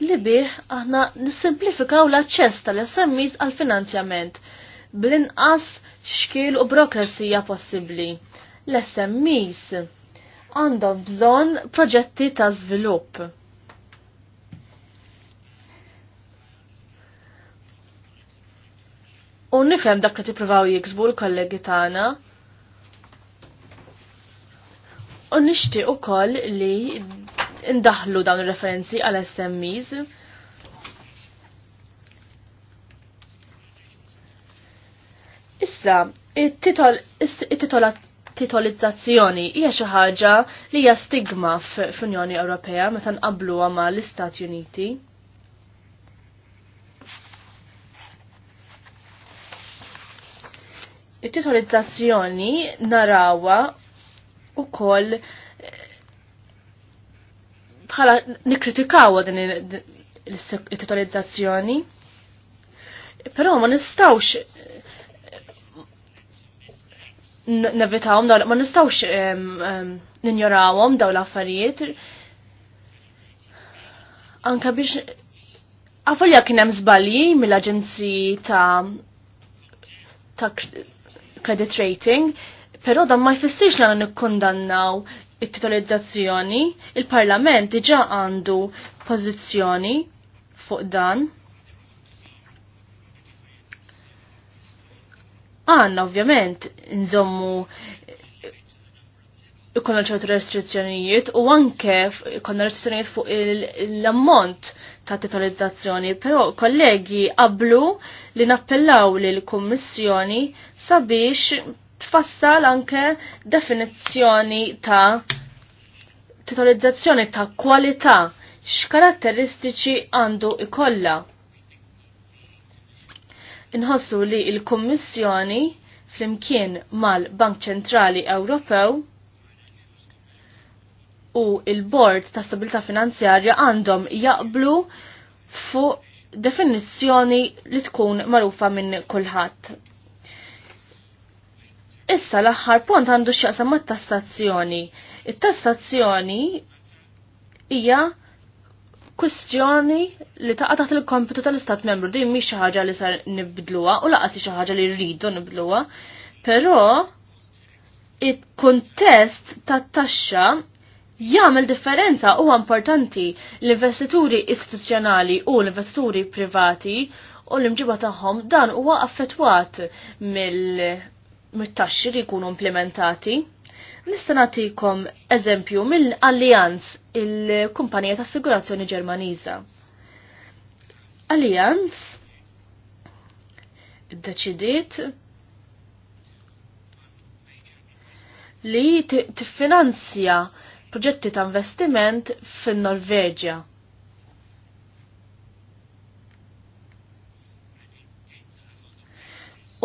D: li bih aħna nissimplifikaw l-aċċess tal-SMEs għal finanzjament bl-inqas xkil u burokrasija possibbli. L-SMEs għandhom bżonn proġetti ta' żvilupp. U nifhem dak li tippruvaw jiksbu l-kollegi tagħna. U nixtieq ukoll li ndaħlu dawn ir-referenzi għal SMEs. Issa, it-titol, it-titolat titolizzazzjoni hija xi ħaġa li hija stigma fl-Unjoni Ewropea meta nqabluha ma' l-Istati Uniti. It-titolizzazzjoni narawa ukoll eh, bħala nikkritikaw din il titolizzazzjoni Però ma nistawx nevitawhom daw ma nistgħux ninjorawhom daw l-affarijiet. Anka biex għafalja kien hemm żbalji mill-aġenziji ta' ta' credit rating, però dan ma jfissirx li nikkondannaw it-titolizzazzjoni, il-Parlament diġa' għandu pożizzjoni fuq dan. Għanna ovvjament nżommu ikonna ċertu restrizzjonijiet u anke ikonna restrizzjonijiet fuq l-ammont ta' titolizzazzjoni, però kollegi qablu li nappellaw li l-Kummissjoni sabiex tfassal anke definizzjoni ta' titolizzazzjoni ta' kwalità x'karatteristiċi għandu ikolla Inħossu li il-Kommissjoni flimkien mal-Bank Ċentrali Ewropew u il-Bord ta' Stabilità Finanzjarja għandhom jaqblu fuq definizzjoni li tkun marufa minn kulħadd. Issa l-aħħar punt għandu x'jaqsam mat tastazzjoni it tastazzjoni hija kwestjoni li ta' taħt il-kompetu tal-Istat membru din mi xi ħaġa li sar nibdluha u laqas xi ħaġa li rridu nibdluha, però il-kuntest tat-taxxa jagħmel differenza huwa importanti l-investituri istituzzjonali u l-investituri privati u l-imġiba tagħhom dan huwa affettwat mill-taxxi li jkunu implementati. Nista' nagħtikom eżempju mill-Allianz il-kumpanija ta' assigurazzjoni Ġermaniża. Allianz deċidiet li tiffinanzja proġetti ta' investiment fin-Norveġja.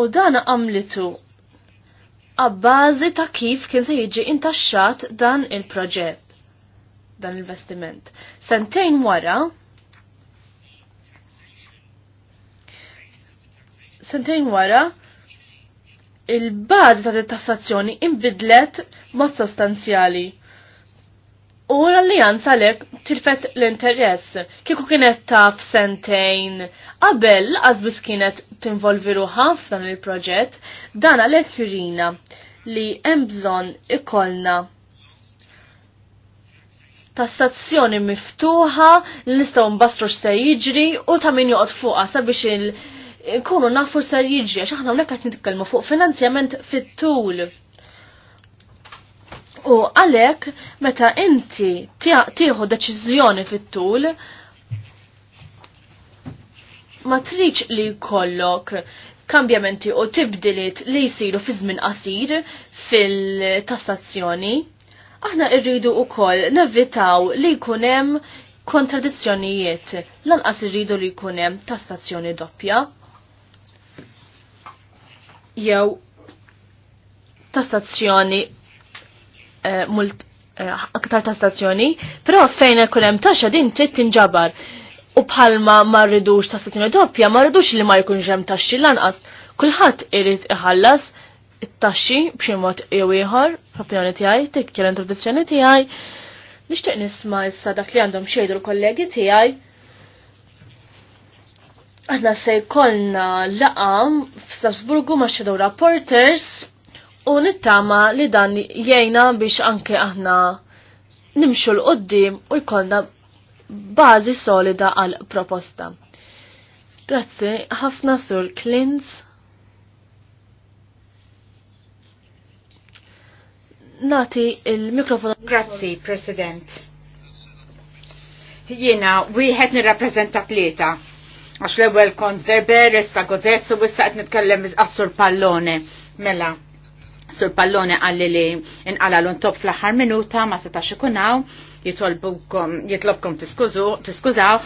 D: U dan għamlitu għabbażi ta' kif kien se jiġi intaxxat dan il-proġett dan l-investiment. Sentejn wara, sentejn wara, il-bazi ta' tassazzjoni imbidlet mod sostanzjali. U l-allianza lek tilfet l-interess. Kieku kienet taf sentejn qabel għazbis kienet tinvolvi ruħa f'dan il-proġett, dan għalek jurina li hemm bżonn ikollna ta' stazzjoni miftuħa li nistgħu nbastru x'ser jiġri u ta' min joqgħod fuqha sabiex il Kunu nafu ser jiġri għax aħna hawnhekk qed nitkellmu fuq finanzjament fit-tul. U għalhekk meta inti tieħu deċiżjoni fit-tul ma triċ li jkollok kambjamenti u tibdilit li jisiru fi żmien qasir fil-tassazzjoni aħna irridu wkoll nevitaw li jkun hemm kontradizzjonijiet lanqas irridu li jkun hemm ta' stazzjoni doppja. Jew ta' stazzjoni eh, mult eh, aktar ta' stazzjoni, però fejn ikun hemm taxxa din trid tinġabar. U bħalma ma rridux ta' stazzjoni doppja, ma rridux li ma jkunx hemm taxxi lanqas. Kulħadd irid iħallas it-taxxi b'xi mod jew ieħor f'opinjoni tiegħi tikkel introduzzjoni tiegħi. Nixtieq nisma' issa dak li għandhom xejdu l-kollegi tiegħi. Aħna se jkollna laqam f'Strasburgu ma' Shadow Reporters u nittama li dan jgħina biex anke aħna nimxu l-qoddim u jkollna bażi solida għal proposta. Grazzi, ħafna sur Klinz.
C: nati il-mikrofon. Grazzi, President. Jiena, wieħed nirrappreżenta tlieta. Għax l-ewwel kont Verber, issa Gozess u issa qed nitkellem għas-Sur Pallone. Mela, Sur Pallone għalli li inqala l-untop fl-aħħar minuta ma setax ikun hawn, jitlobkom tiskużaw.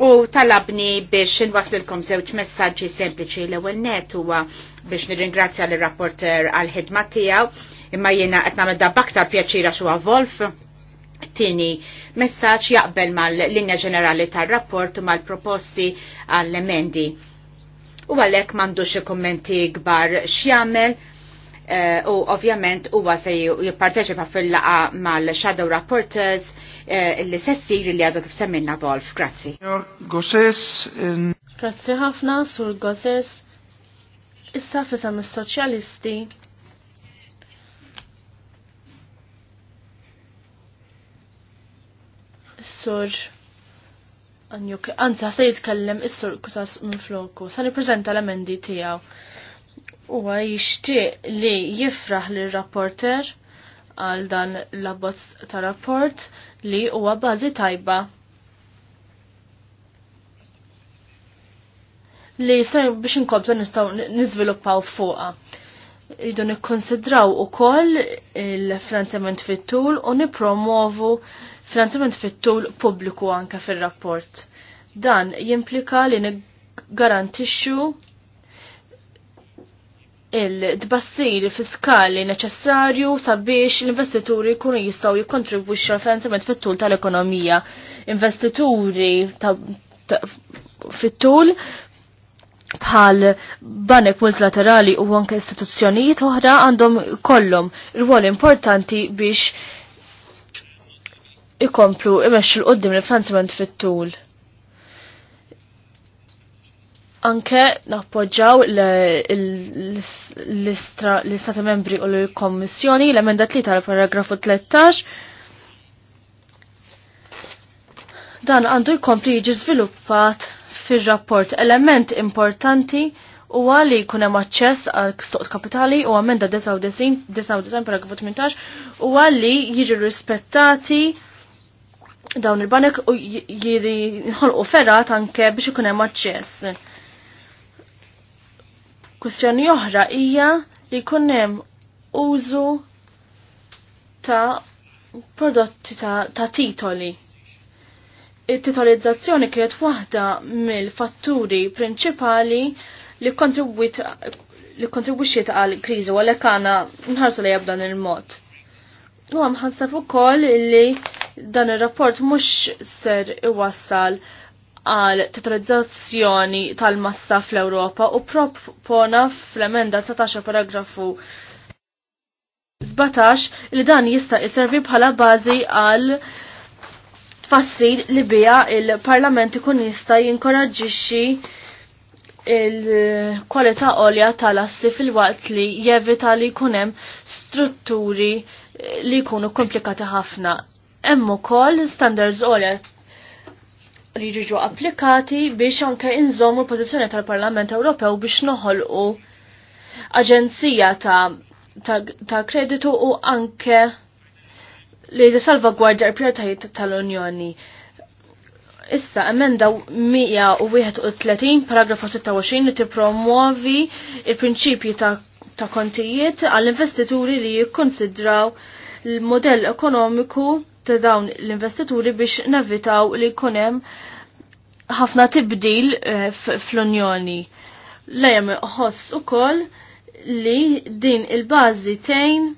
C: u talabni biex nwaslilkom żewġ messaġġi sempliċi l-ewwel net huwa biex nirringrazzja l-rapporter għal-ħidma tiegħu imma jiena qed nagħmel da baktar pjaċira xuha Wolf. Tini, messaġġ jaqbel mal-linja ġenerali tar-rapport u mal-proposti għall-emendi. U għalhekk m'għandux kummenti kbar x'jagħmel, eh, u ovvjament huwa se jipparteċipa fil-laqa mal-Shadow Rapporters l eh, li sessir li għadu kif semminna Wolf. Grazzi.
D: Grazzi ħafna sur Gozes. Issa fisam is-soċjalisti Sur Anjuk, anzi ħasa jitkellem is-sur kutas minfloku, sa nippreżenta l-emendi tiegħu. Huwa jixtieq li jifraħ li rapporter għal dan l-abbozz ta' rapport li huwa bażi tajba. Li ser biex inkomplu nistgħu niżviluppaw fuqha rridu nikkonsidraw ukoll il-finanzjament fit-tul u nipromovu finanzjament fit-tul pubbliku anke fir-rapport. Dan jimplika li garantixxu il-tbassir fiskali neċessarju sabiex l-investituri jkunu jistgħu jikkontribwixxu finanzjament fit-tul tal-ekonomija. Investituri ta fit-tul bħal banek multilaterali u anke istituzzjonijiet oħra għandhom kollhom rwol importanti biex ikomplu imexxu l-qoddim l-finanzjament fit-tul. Anke nappoġġaw l-Istati membri u l-Kommissjoni l-emenda 3 tal-paragrafu 13 dan għandu jkompli jiġi żviluppat fir-rapport element importanti u għali kunem aċċess għal stoq kapitali u għamenda 99 paragrafu 18 u għalli jiġi rispettati dawn il-banek u jiri nħolqu ferrat anke biex ikun hemm aċċess. Kwestjoni oħra hija li jkun hemm użu ta' prodotti ta', ta titoli. It-titolizzazzjoni kienet waħda mill-fatturi prinċipali li kontribwit li kontribwixxiet għal kriżi għalhekk għandna nħarsu li b'dan il-mod. U hemm ħansab ukoll li dan ir-rapport mhux ser iwassal għal titrizzazzjoni tal-massa fl-Ewropa u propona fl-emenda 17 paragrafu 17 li dan jista' jservi bħala bażi għal tfassil li bija il-Parlament ikun jista' jinkoraġġixxi il-kwalità għolja tal-assi fil-waqt li jevita li jkun hemm strutturi li jkunu komplikati ħafna. Hemm ukoll standards għolja li jiġu applikati biex anke inżommu l-pożizzjoni tal-Parlament Ewropew biex noħolqu aġenzija ta', ta, ta kreditu u anke li salvagwardja l-prijatajiet tal-Unjoni. Issa, emenda 131 paragrafu 26 li tipromuovi il-prinċipji ta', ta kontijiet għall-investituri li jikkonsidraw l-modell ekonomiku ta' dawn l-investituri biex navitaw li kunem ħafna tibdil eh, fl-Unjoni. Lejem ħoss u koll li din il-bazi tejn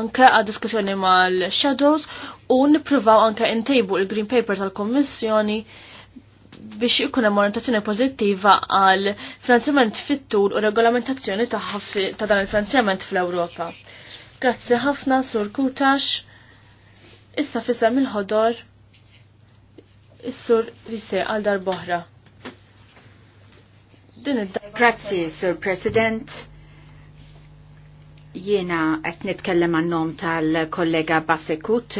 D: anke għad diskussjoni mal-Shadows u nipruvaw anke intejbu il-Green Paper tal-Kommissjoni biex ikun hemm orientazzjoni pożittiva għal finanzjament fit-tul u regolamentazzjoni ta' dan il-finanzjament fl-Ewropa. Grazzi ħafna sur Kutax. Issa fisem il-ħodor is-sur
C: vise għal boħra. Din Grazzi, Sur President. Jiena qed nitkellem għan-nom tal-kollega Basekut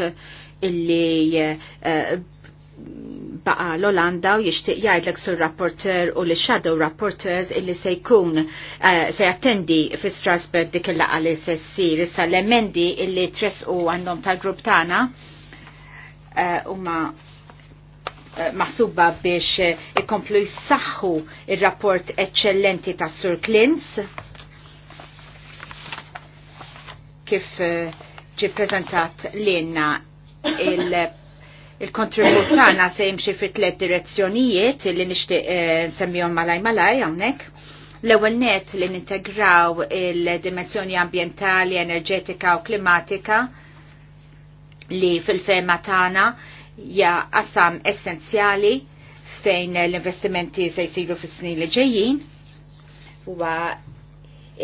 C: illi uh, baqa l-Olanda u jishtiq jgħidlek sur rapporter u li shadow rapporters illi se jkun uh, se jattendi fi Strasberg dik il-laqa li se ssir issa l-emendi illi u għandhom tal-grupp tagħna u uh, uh, maħsuba biex eh, ikomplu jissaxu il-rapport eccellenti ta' Sur Klintz kif eh, ġi prezentat l-inna il Il-kontribut tagħna se jimxi fi tliet direzzjonijiet li nixtieq eh, nsemmihom malaj malaj hawnhekk. L-ewwel net li nintegraw il-dimensjoni ambjentali, enerġetika u klimatika li fil-fema tagħna hija qasam essenzjali fejn l-investimenti se jsiru fis-snin li ġejjin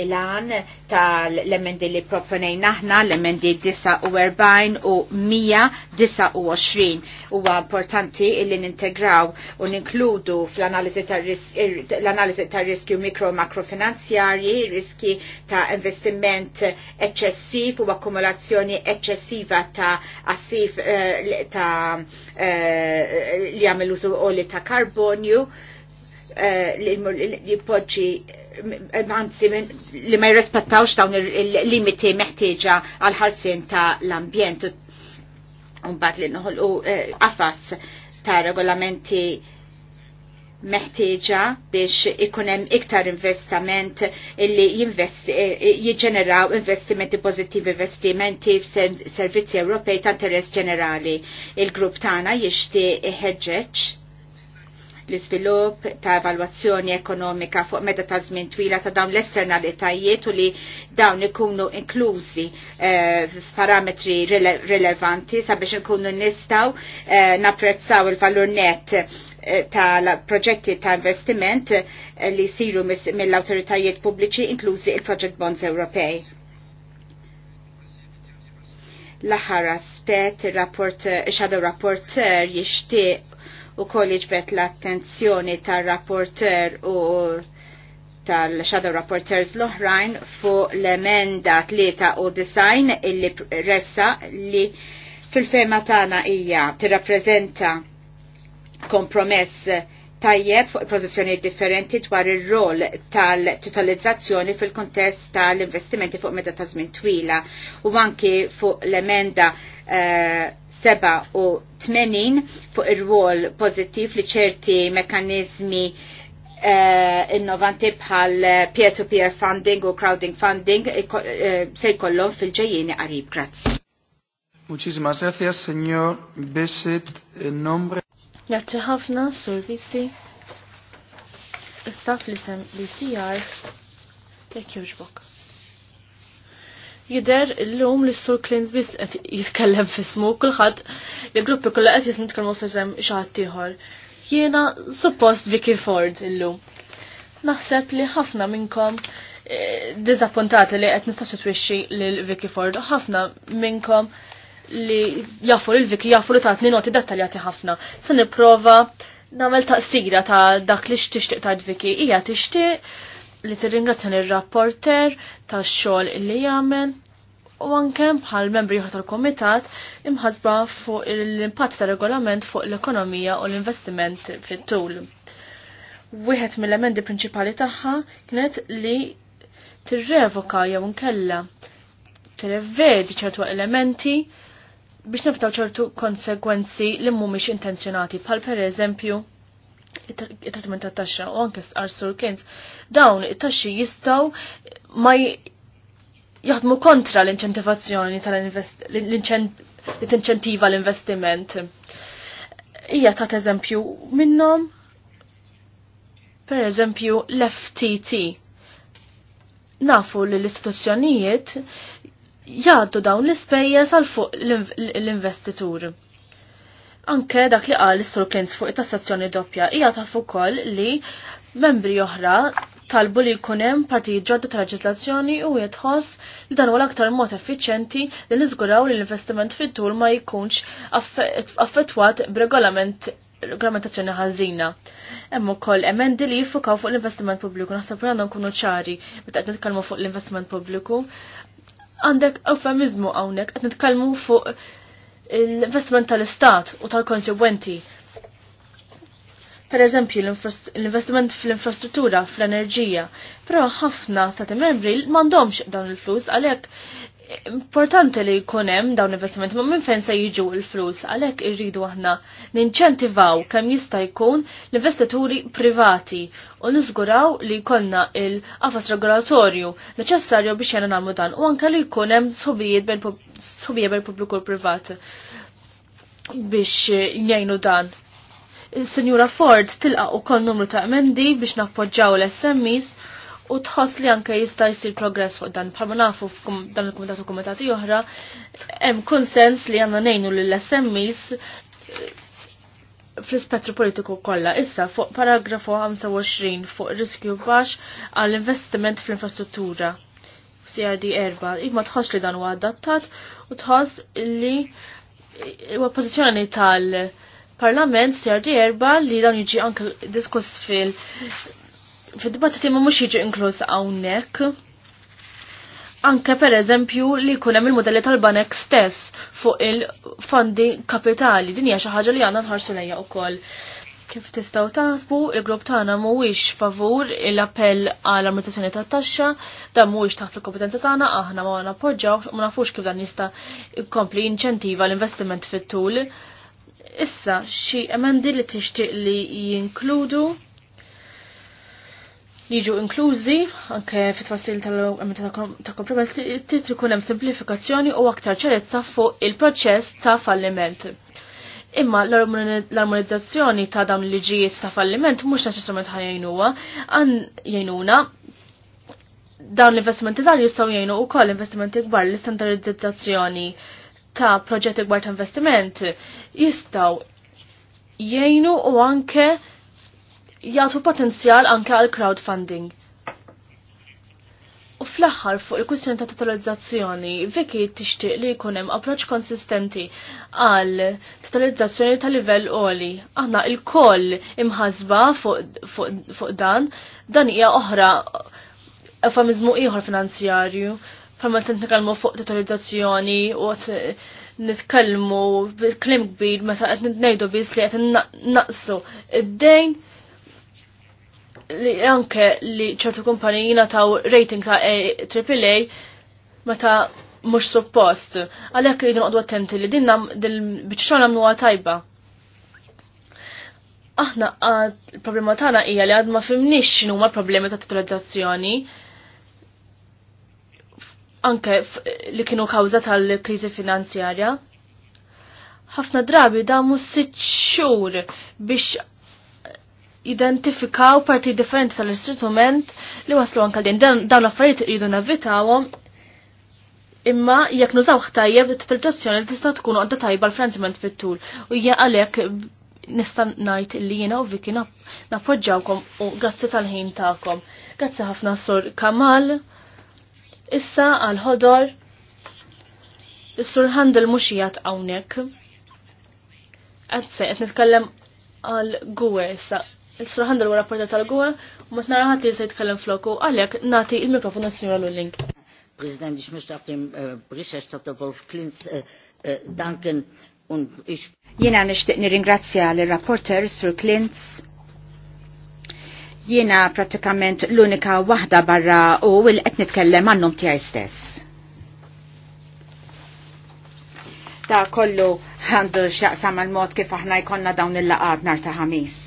C: il-għan tal-emendi li proponej naħna, l-emendi 49 u 129. Huwa importanti li nintegraw u ninkludu fl-analizi riski riskju mikro makrofinanzjarji, riski ta' investiment eccessiv u akkumulazzjoni eccessiva ta' assif eh, ta' eh, li għamil użu oli ta' karbonju eh, li jpoġġi Eh, anzi li ma jirrespettawx dawn il-limiti meħtieġa għal ħarsien ta' l-ambjent u mbagħad li u għafas eh, ta' regolamenti meħtieġa biex ikun hemm iktar investiment illi eh, jiġġeneraw investimenti pożittivi investimenti f'servizzi Ewropej ta' interess ġenerali. Il-grupp tagħna jixtieq iħeġġeġ l-iżvilupp ta' evalwazzjoni ekonomika fuq meta ta' żmien twila ta' dawn l-esternalitajiet u li dawn ikunu inklużi eh, f'parametri rilevanti sabiex inkunu nistgħu eh, napprezzaw il-valur net eh, tal-proġetti ta' investiment li siru mill-autoritajiet pubbliċi inklużi il-Project Bonds Ewropej. L-aħħar aspett, il-rapport, shadow rapporter jixtieq u koll iġbet l-attenzjoni tal-rapporter u tal-shadow rapporters l-oħrajn fu l-emenda 3 u design illi ressa li fil-fema tana ija t-rapprezenta kompromess tajjeb fuq pożizzjoni differenti dwar ir-rol tal totalizzazzjoni fil-kontest tal-investimenti fuq meta ta' żmien twila u anki fuq l-emenda Eh, seba u 87 fuq ir-rwol pozittiv li ċerti mekanizmi uh, innovanti bħal peer-to-peer funding u crowding funding eh, se jkollhom fil-ġejjieni qarib. Grazzi.
A: Muchísimas gracias, señor Besset, en nombre. Grazie ħafna,
D: Sur servizi. Staff li sem li sijar, tek joġbok. Jider l-lum li s-sur Clint bis qed jitkellem fismu kulħadd li gruppi kollha qed jisni tkellmu fisem xaħat ieħor. Jiena suppost Vicky Ford illum. Naħseb li ħafna minnkom eh, dizappuntati li qed nistax twixxi lil Vicky Ford. Ħafna minnkom li jafu l Vicky jafu li tatni noti dettaljati ħafna. Se nipprova nagħmel taqsira ta' dak li xtixtieq tgħid Vicky hija tixtieq li tirringrazzja il-rapporter tax xogħol li jagħmel u anke bħal membri ieħor tal-Kumitat imħasba fuq l-impatt tar-regolament fuq l-ekonomija u l-investiment fit-tul. Wieħed mill-emendi prinċipali tagħha kienet li tirrevoka jew nkella tirrevedi ċertu elementi biex niftaw ċertu konsegwenzi li mhumiex intenzjonati bħal pereżempju it-trattament ta' taxxa u anke Sur Keynes, dawn it-taxxi jistaw ma jaħdmu kontra l-inċentivazzjoni tal-inċentiva l-investiment. Ija ta' eżempju minnom, per eżempju l-FTT. Nafu li l-istituzzjonijiet jgħaddu dawn l-ispejjeż għal fuq l-investitur. l investitur Anke dak li għal is-Sur Klins fuq it-tassazzjoni doppja hija taf ukoll li membri oħra talbu li jkun hemm partijiet ġodda ta' leġislazzjoni u jitħoss li dan huwa l-aktar mod effiċjenti li niżguraw li l-investiment fit-tul ma jkunx affettwat b'regolament regolamentazzjoni ħażina. Hemm ukoll emendi li jiffukaw fuq l-investiment pubbliku naħseb li għandhom nkunu ċari meta qed nitkellmu fuq l-investiment pubbliku. Għandek eufemizmu hawnhekk qed nitkellmu fuq l-investiment tal-istat u tal konsegwenti Per eżempju, l-investiment fl-infrastruttura, fl-enerġija, però ħafna stati membri mandomx dawn il-flus għalhekk importanti li jkun hemm dawn l-investimenti, ma minn fejn se jiġu l-flus, għalhekk irridu aħna ninċentivaw kemm jista' jkun l-investituri privati u niżguraw li jkollna il-qafas regolatorju neċessarju biex jena nagħmlu dan u anke li jkun hemm sobijiet bejn pubbliku u privat biex jgħinu dan. Il-Sinjura Ford tilqa' ukoll numru ta' emendi biex nappoġġaw l sms u tħoss li anke jista' jsir progress fuq dan bħalma nafu dan il-kumitat u kumitati oħra hemm konsens li għandna ngħinu lill SMEs eh, fl-ispettru politiku kollha. Issa fuq paragrafu 25 fuq riskju baxx għall investiment fl-infrastruttura. CRD 4, imma tħoss li dan huwa adattat u tħoss li huwa pożizzjoni tal-Parlament CRD erba li dan jiġi anke diskuss fil- fid-dibattiti ma mhux jiġi inkluż hawnhekk. Anke per eżempju li jkun hemm il-modelli tal-banek stess fuq il-fondi kapitali din hija xi ħaġa li għandna tħarsu lejja wkoll. Kif tistgħu tasbu, il-grupp tagħna mhuwiex favur l-appell għal amministrazzjoni tat-taxxa, dan mhuwiex taħt il-kompetenza tagħna, aħna ma nappoġġaw ma nafux kif dan jista' jkompli jinċentiva l-investiment fit-tul. Issa xi emendi li tixtieq li jinkludu li inklużi anke fit-tfassil ta' kompromess trid ikun hemm simplifikazzjoni u aktar ċerezza fuq il-proċess ta' falliment. Imma l-armonizzazzjoni ta' dawn liġijiet ta' falliment mhux neċessarjament ħajjejnuha, għan jgħinuna dawn l-investimenti jistaw jistgħu jgħinu wkoll investimenti kbar l-istandardizzazzjoni ta' proġetti kbar ta' investiment jistgħu jgħinu u anke jagħtu potenzjal anke għal crowdfunding. U fl-aħħar fuq il-kwistjoni ta' totalizzazzjoni, Viki tixtieq li jkun hemm approċċ konsistenti għal totalizzazzjoni ta' livell għoli. Aħna il-koll imħasba fuq dan, dan hija oħra eufemizmu ieħor finanzjarju, bħalma t-nitkellmu fuq totalizzazzjoni u nitkellmu bil-klim kbir meta qed ngħidu biss li qed naqsu id-dejn li anke li ċertu kumpaniji taw rating ta' AAA ta' mhux suppost. Għalhekk jridu noqgħdu attenti li dinna biċċa nagħmluha tajba. Aħna għad problema tagħna hija li għad ma xinu ma problemi ta' titolizzazzjoni anke li kienu kawza tal-kriżi finanzjarja ħafna drabi da mu sitt xhur biex jidentifikaw parti differenti tal-istrument li waslu anka din dawn l-affarijiet iridu navvitawhom imma jekk nużaw ħtajjeb it-tilġazzjoni tista' tkun għadda tajba l-franziment fit-tul u hija għalhekk nista' ngħid li jiena u Viki nappoġġawkom u grazzi tal-ħin tagħkom. Grazzi ħafna sur Kamal. Issa għal ħodor is-sur Handel mhux jgħat hawnhekk. Qed se qed nitkellem għal Gwe issa il-sraħandar wara tal-gwa, u ma t-naraħat li jizajt kellem floku, għalek nati il-mikrofon
C: għal-Sinjora Lulling. Präsident, ich möchte auch brisa Berichterstatter Wolf Klintz eh, eh, danken un ix. Jena nishtiq nirringrazzja l-rapporter Sir Klintz jiena pratikament l-unika wahda barra u l qed nitkellem għannum tiegħi stess. Da kollu għandu xaqsam għal mod kif aħna jkollna dawn il-laqad nar ta' ħamis.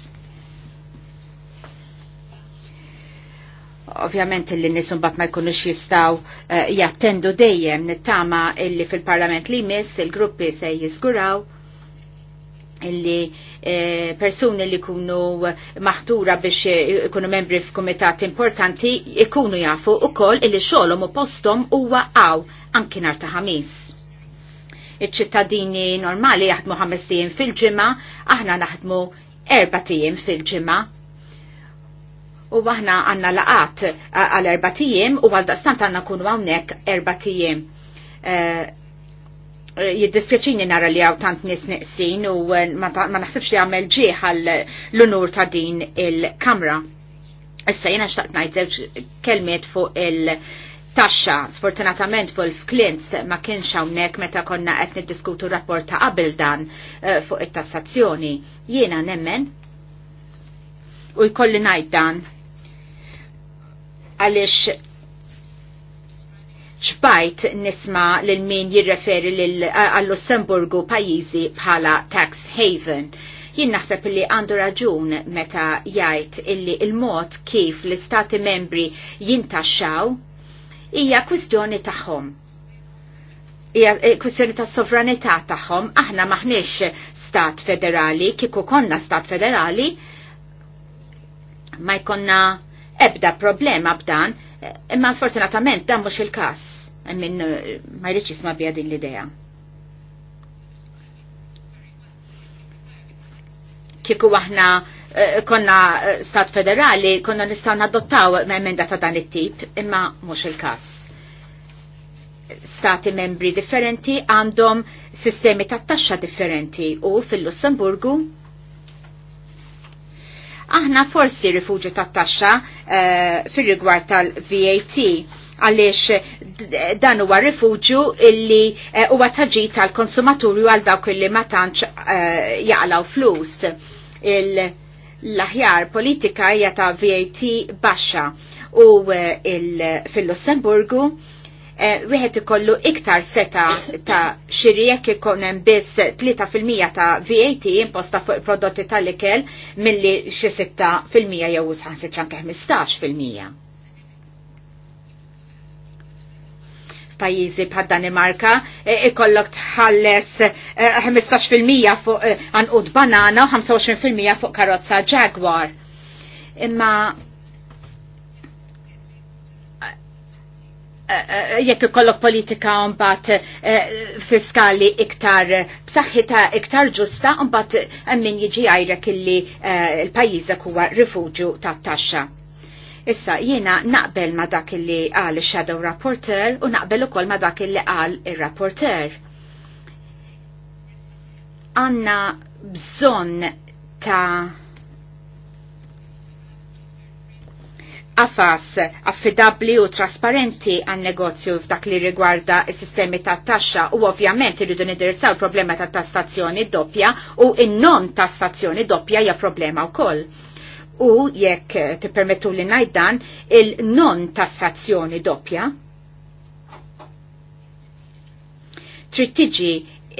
C: Ovvjament li nisum bat ma jkunux jistaw uh, jattendu dejjem nittama illi fil-parlament li mis il-gruppi se jizguraw illi eh, persuni li kunu maħtura biex ikunu eh, membri f'kumitat importanti ikunu jafu u koll illi xolom u postom huwa waqaw anki nar ta' ħamis. Iċ-ċittadini normali jaħdmu ħames fil-ġimma, aħna naħdmu erba' fil-ġimma U aħna għanna laqat eh, għal erbatijiem u għal daqstant għanna kun għawnek erbatijiem. Eh, eh, jiddispjaċini nara li għaw tant nis neqsin u ma naħsibx li għamel ġieħal l-unur ta' din il-kamra. Issa jena xtaqt najt kelmiet fuq il- taxxa sfortunatament il Klintz ma kienx hawnhekk meta konna qed niddiskutu rapport ta' qabel dan fuq it-tassazzjoni. Jiena nemmen u jkolli ngħid dan għalix ċbajt nisma lil min jirreferi għall-Lussemburgu pajizi bħala tax haven. Jien naħseb li għandu raġun meta jgħid illi il-mod kif l-istati membri jintaxxaw hija kwistjoni tagħhom. Hija eh, kwistjoni tas sovranità tagħhom, aħna maħniex stat federali, kieku konna stat federali, ma jkonna ebda problema b'dan, eh, imma sfortunatament dan mhux il-każ minn eh, ma jridx jisma' bija din l-idea. Kieku aħna eh, konna stat federali, konna nistgħu nadottaw emenda ta' dan it-tip, imma mhux il-każ stati membri differenti għandhom sistemi ta' taxxa differenti u fil-Lussemburgu Aħna forsi rifuġu tat-taxxa fil eh, fir-rigward tal-VAT għaliex dan huwa rifuġu illi eh, huwa uh, taġi tal-konsumaturi għal dawk illi ma tantx uh, jaqlaw flus. L-aħjar politika hija ta' VAT baxxa u fil-Lussemburgu Eh, wieħed ikollu iktar seta ta' xiri jekk ikun hemm biss 3% ta' VAT imposta fuq il-prodotti tal-ikel milli xi 6% jew sħansitra anke 15%. Pajjiżi bħad Danimarka eh, ikollok tħalles 15% eh, fuq anqud banana u 25% fuq karozza Jaguar. Imma Eh, jekk ikollok politika mbagħad eh, fiskali iktar b'saħħita iktar ġusta mbagħad hemm min jiġi għajrek illi eh, l-pajjiżek huwa rifuġju tat-taxxa. Issa jiena naqbel ma dak illi qal ix-shadow rapporteur u naqbel ukoll ma dak illi qal ir-rapporteur. Għanna bżonn ta' Afas affidabli u trasparenti għan negozju f'dak li rigwarda s-sistemi ta' taxxa u ovvjament irridu nidirizzaw problema ta' tassazzjoni doppja u in-non tassazzjoni doppja hija problema wkoll. U jekk tippermettu li ngħid dan il-non tassazzjoni doppja trid tiġi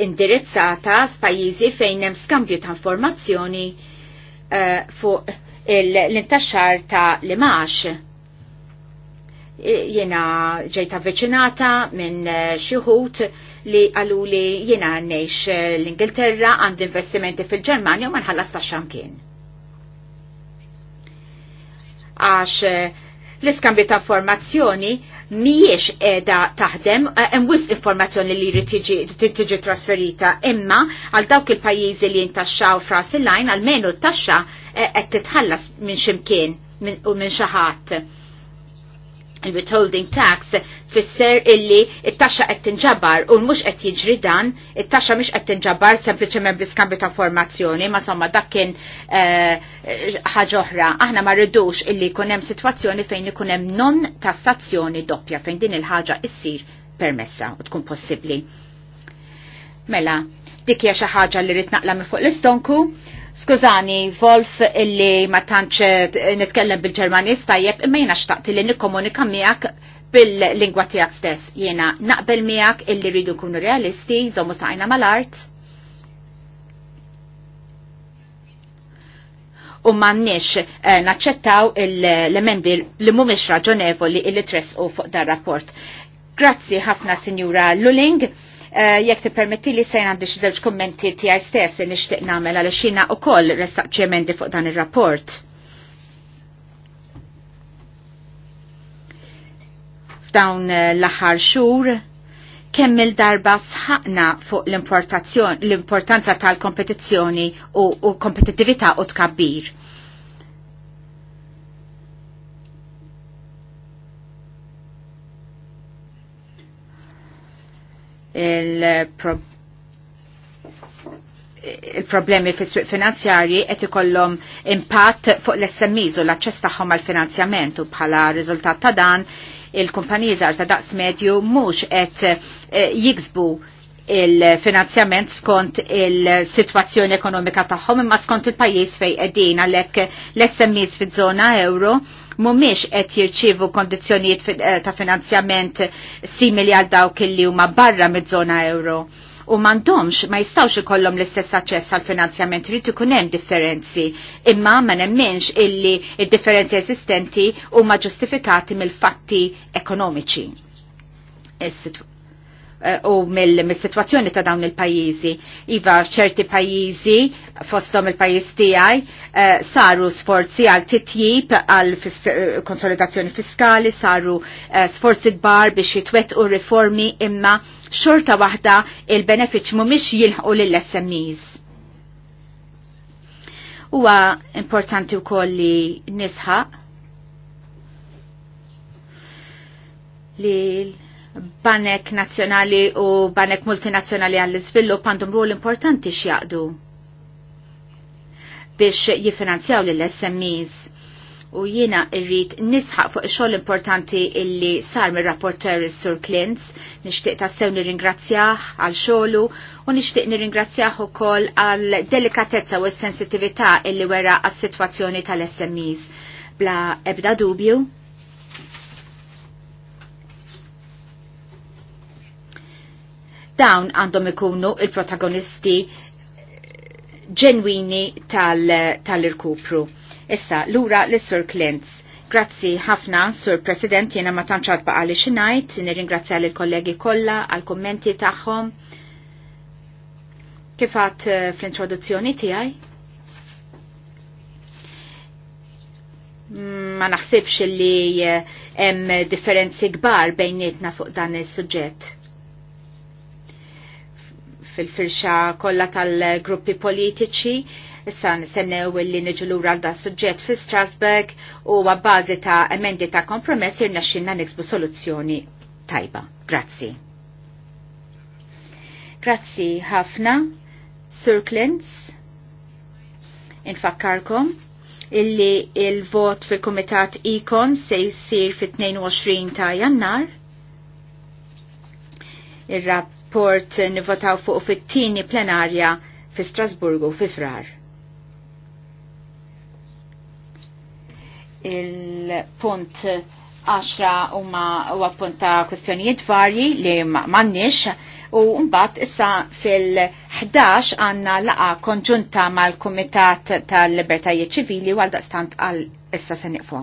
C: indirizzata f'pajjiżi fejn hemm skambju ta' informazzjoni uh, fuq l-intaxxar ta' eh, li maċ. Jena ġejta veċinata minn xieħut li għallu li jena għannejx eh, l-Ingilterra għand investimenti fil-Germania u manħallas eh, ta' xamkien. Għax l iskambju ta' formazzjoni miex edha taħdem, hemm wisq informazzjoni li jrid tiġi trasferita, imma għal dawk il-pajjiżi li jintaxxaw fras il-lajn għal t-taxxa qed titħallas minn ximkien u minn xi ħadd. Il-withholding tax tfisser illi it-taxxa qed tinġabar u mhux qed jiġri dan, it-taxxa mhux qed tinġabar sempliċement bl-iskambju ta' formazzjoni, ma somma dak kien eh, ħaġa oħra. Aħna ma rridux illi jkun hemm sitwazzjoni fejn ikun hemm non tassazzjoni doppja fejn din il-ħaġa issir permessa u tkun possibbli. Mela, dik hija xi ħaġa li rid naqla minn fuq l-istonku Skużani, Wolf illi ma tantx eh, nitkellem bil-Ġermanis tajjeb imma jiena xtaqt li nikkomunika miegħek bil-lingwa tiegħek stess. Jiena naqbel miegħek illi rridu nkunu realisti, żommu sajna mal-art. U m'għandniex eh, naċċettaw l-emendi li mhumiex raġonevoli illi tressqu fuq dar rapport. Grazzi ħafna Sinjura Luling Eh, jekk permetti li sejn għandix xi żewġ kummenti għaj stess li nixtieq nagħmel għaliex jiena wkoll ressaq ċemendi fuq dan ir-rapport. F'dawn eh, l-aħħar xhur kemm il-darba sħaqna fuq l-importanza tal-kompetizzjoni u kompetittività u tkabbir il-problemi fis suq finanzjarji qed ikollhom impatt fuq l-SMEs u l-aċċess tagħhom għal finanzjament u bħala riżultat ta' dan il-kumpaniji żgħar ta' daqs medju mhux qed eh, jiksbu il-finanzjament skont il-situazzjoni ekonomika tagħhom imma skont il-pajjiż fejn qegħdin għalhekk l-SMEs fiż-żona euro mhumiex qed jirċievu kondizzjonijiet eh, ta' finanzjament simili għal dawk li huma barra mid-żona euro. U m'għandhomx ma jistawx ikollhom l-istess aċċess għal finanzjament irid ikun hemm differenzi, imma ma nemmenx illi id-differenzi eżistenti huma ġustifikati mill-fatti ekonomiċi. Eh, u mill-situazzjoni ta' dawn il-pajizi. Iva ċerti pajizi, fostom il-pajiz tijaj, eh, saru sforzi għal titjib għal eh, konsolidazzjoni fiskali, saru sforzi gbar biex jitwet u riformi imma xorta wahda il-benefiċ mumiex jilħu lill-SMEs. Huwa importanti wkoll li nisħaq li banek nazzjonali u banek multinazzjonali għall-izvillup għandhom rol importanti x'jaqdu biex jifinanzjaw lill-SMEs u jiena irrit nisħaq fuq xogħol importanti illi sar mir rapporter Sur Klintz, nixtieq tassew nirringrazzjah għal xogħlu u nixtieq nirringrazzjah ukoll għal delikatezza u s-sensitività illi wera għas-sitwazzjoni tal-SMEs. Bla ebda dubju, dawn għandhom ikunu il-protagonisti ġenwini tal-irkupru. Tal Issa, lura l-Sur Clintz. Grazzi ħafna, Sur President, jena ma tanċat baqa li xinajt, nirringrazzja l kollegi kolla għal kommenti taħħom. Kifat eh, fl-introduzzjoni tijaj? Mm, ma naħsibx li eh, hemm differenzi kbar bejnietna fuq dan il suġġett fil-firxa kollha tal-gruppi politiċi. Issa nistennew li niġu lura għal da suġġett fi Strasbourg u għabbażi ta' emendi ta' kompromess irnexxinna nixbu soluzzjoni tajba. Grazzi. Grazzi ħafna, Sir Clintz. Infakkarkom illi il-vot fil-Komitat Ikon se jisir fit-22 ta' jannar. Ir-rab rapport nivotaw fuq fit-tieni plenarja fi Strasburgu fi frar. Il-punt 10 huma huwa punt ta' kwestjonijiet varji li m'għandniex u mbagħad issa fil-11 għandna laqa konġunta mal-Kumitat tal-Libertajiet Ċivili għal daqstant għal issa se niqfu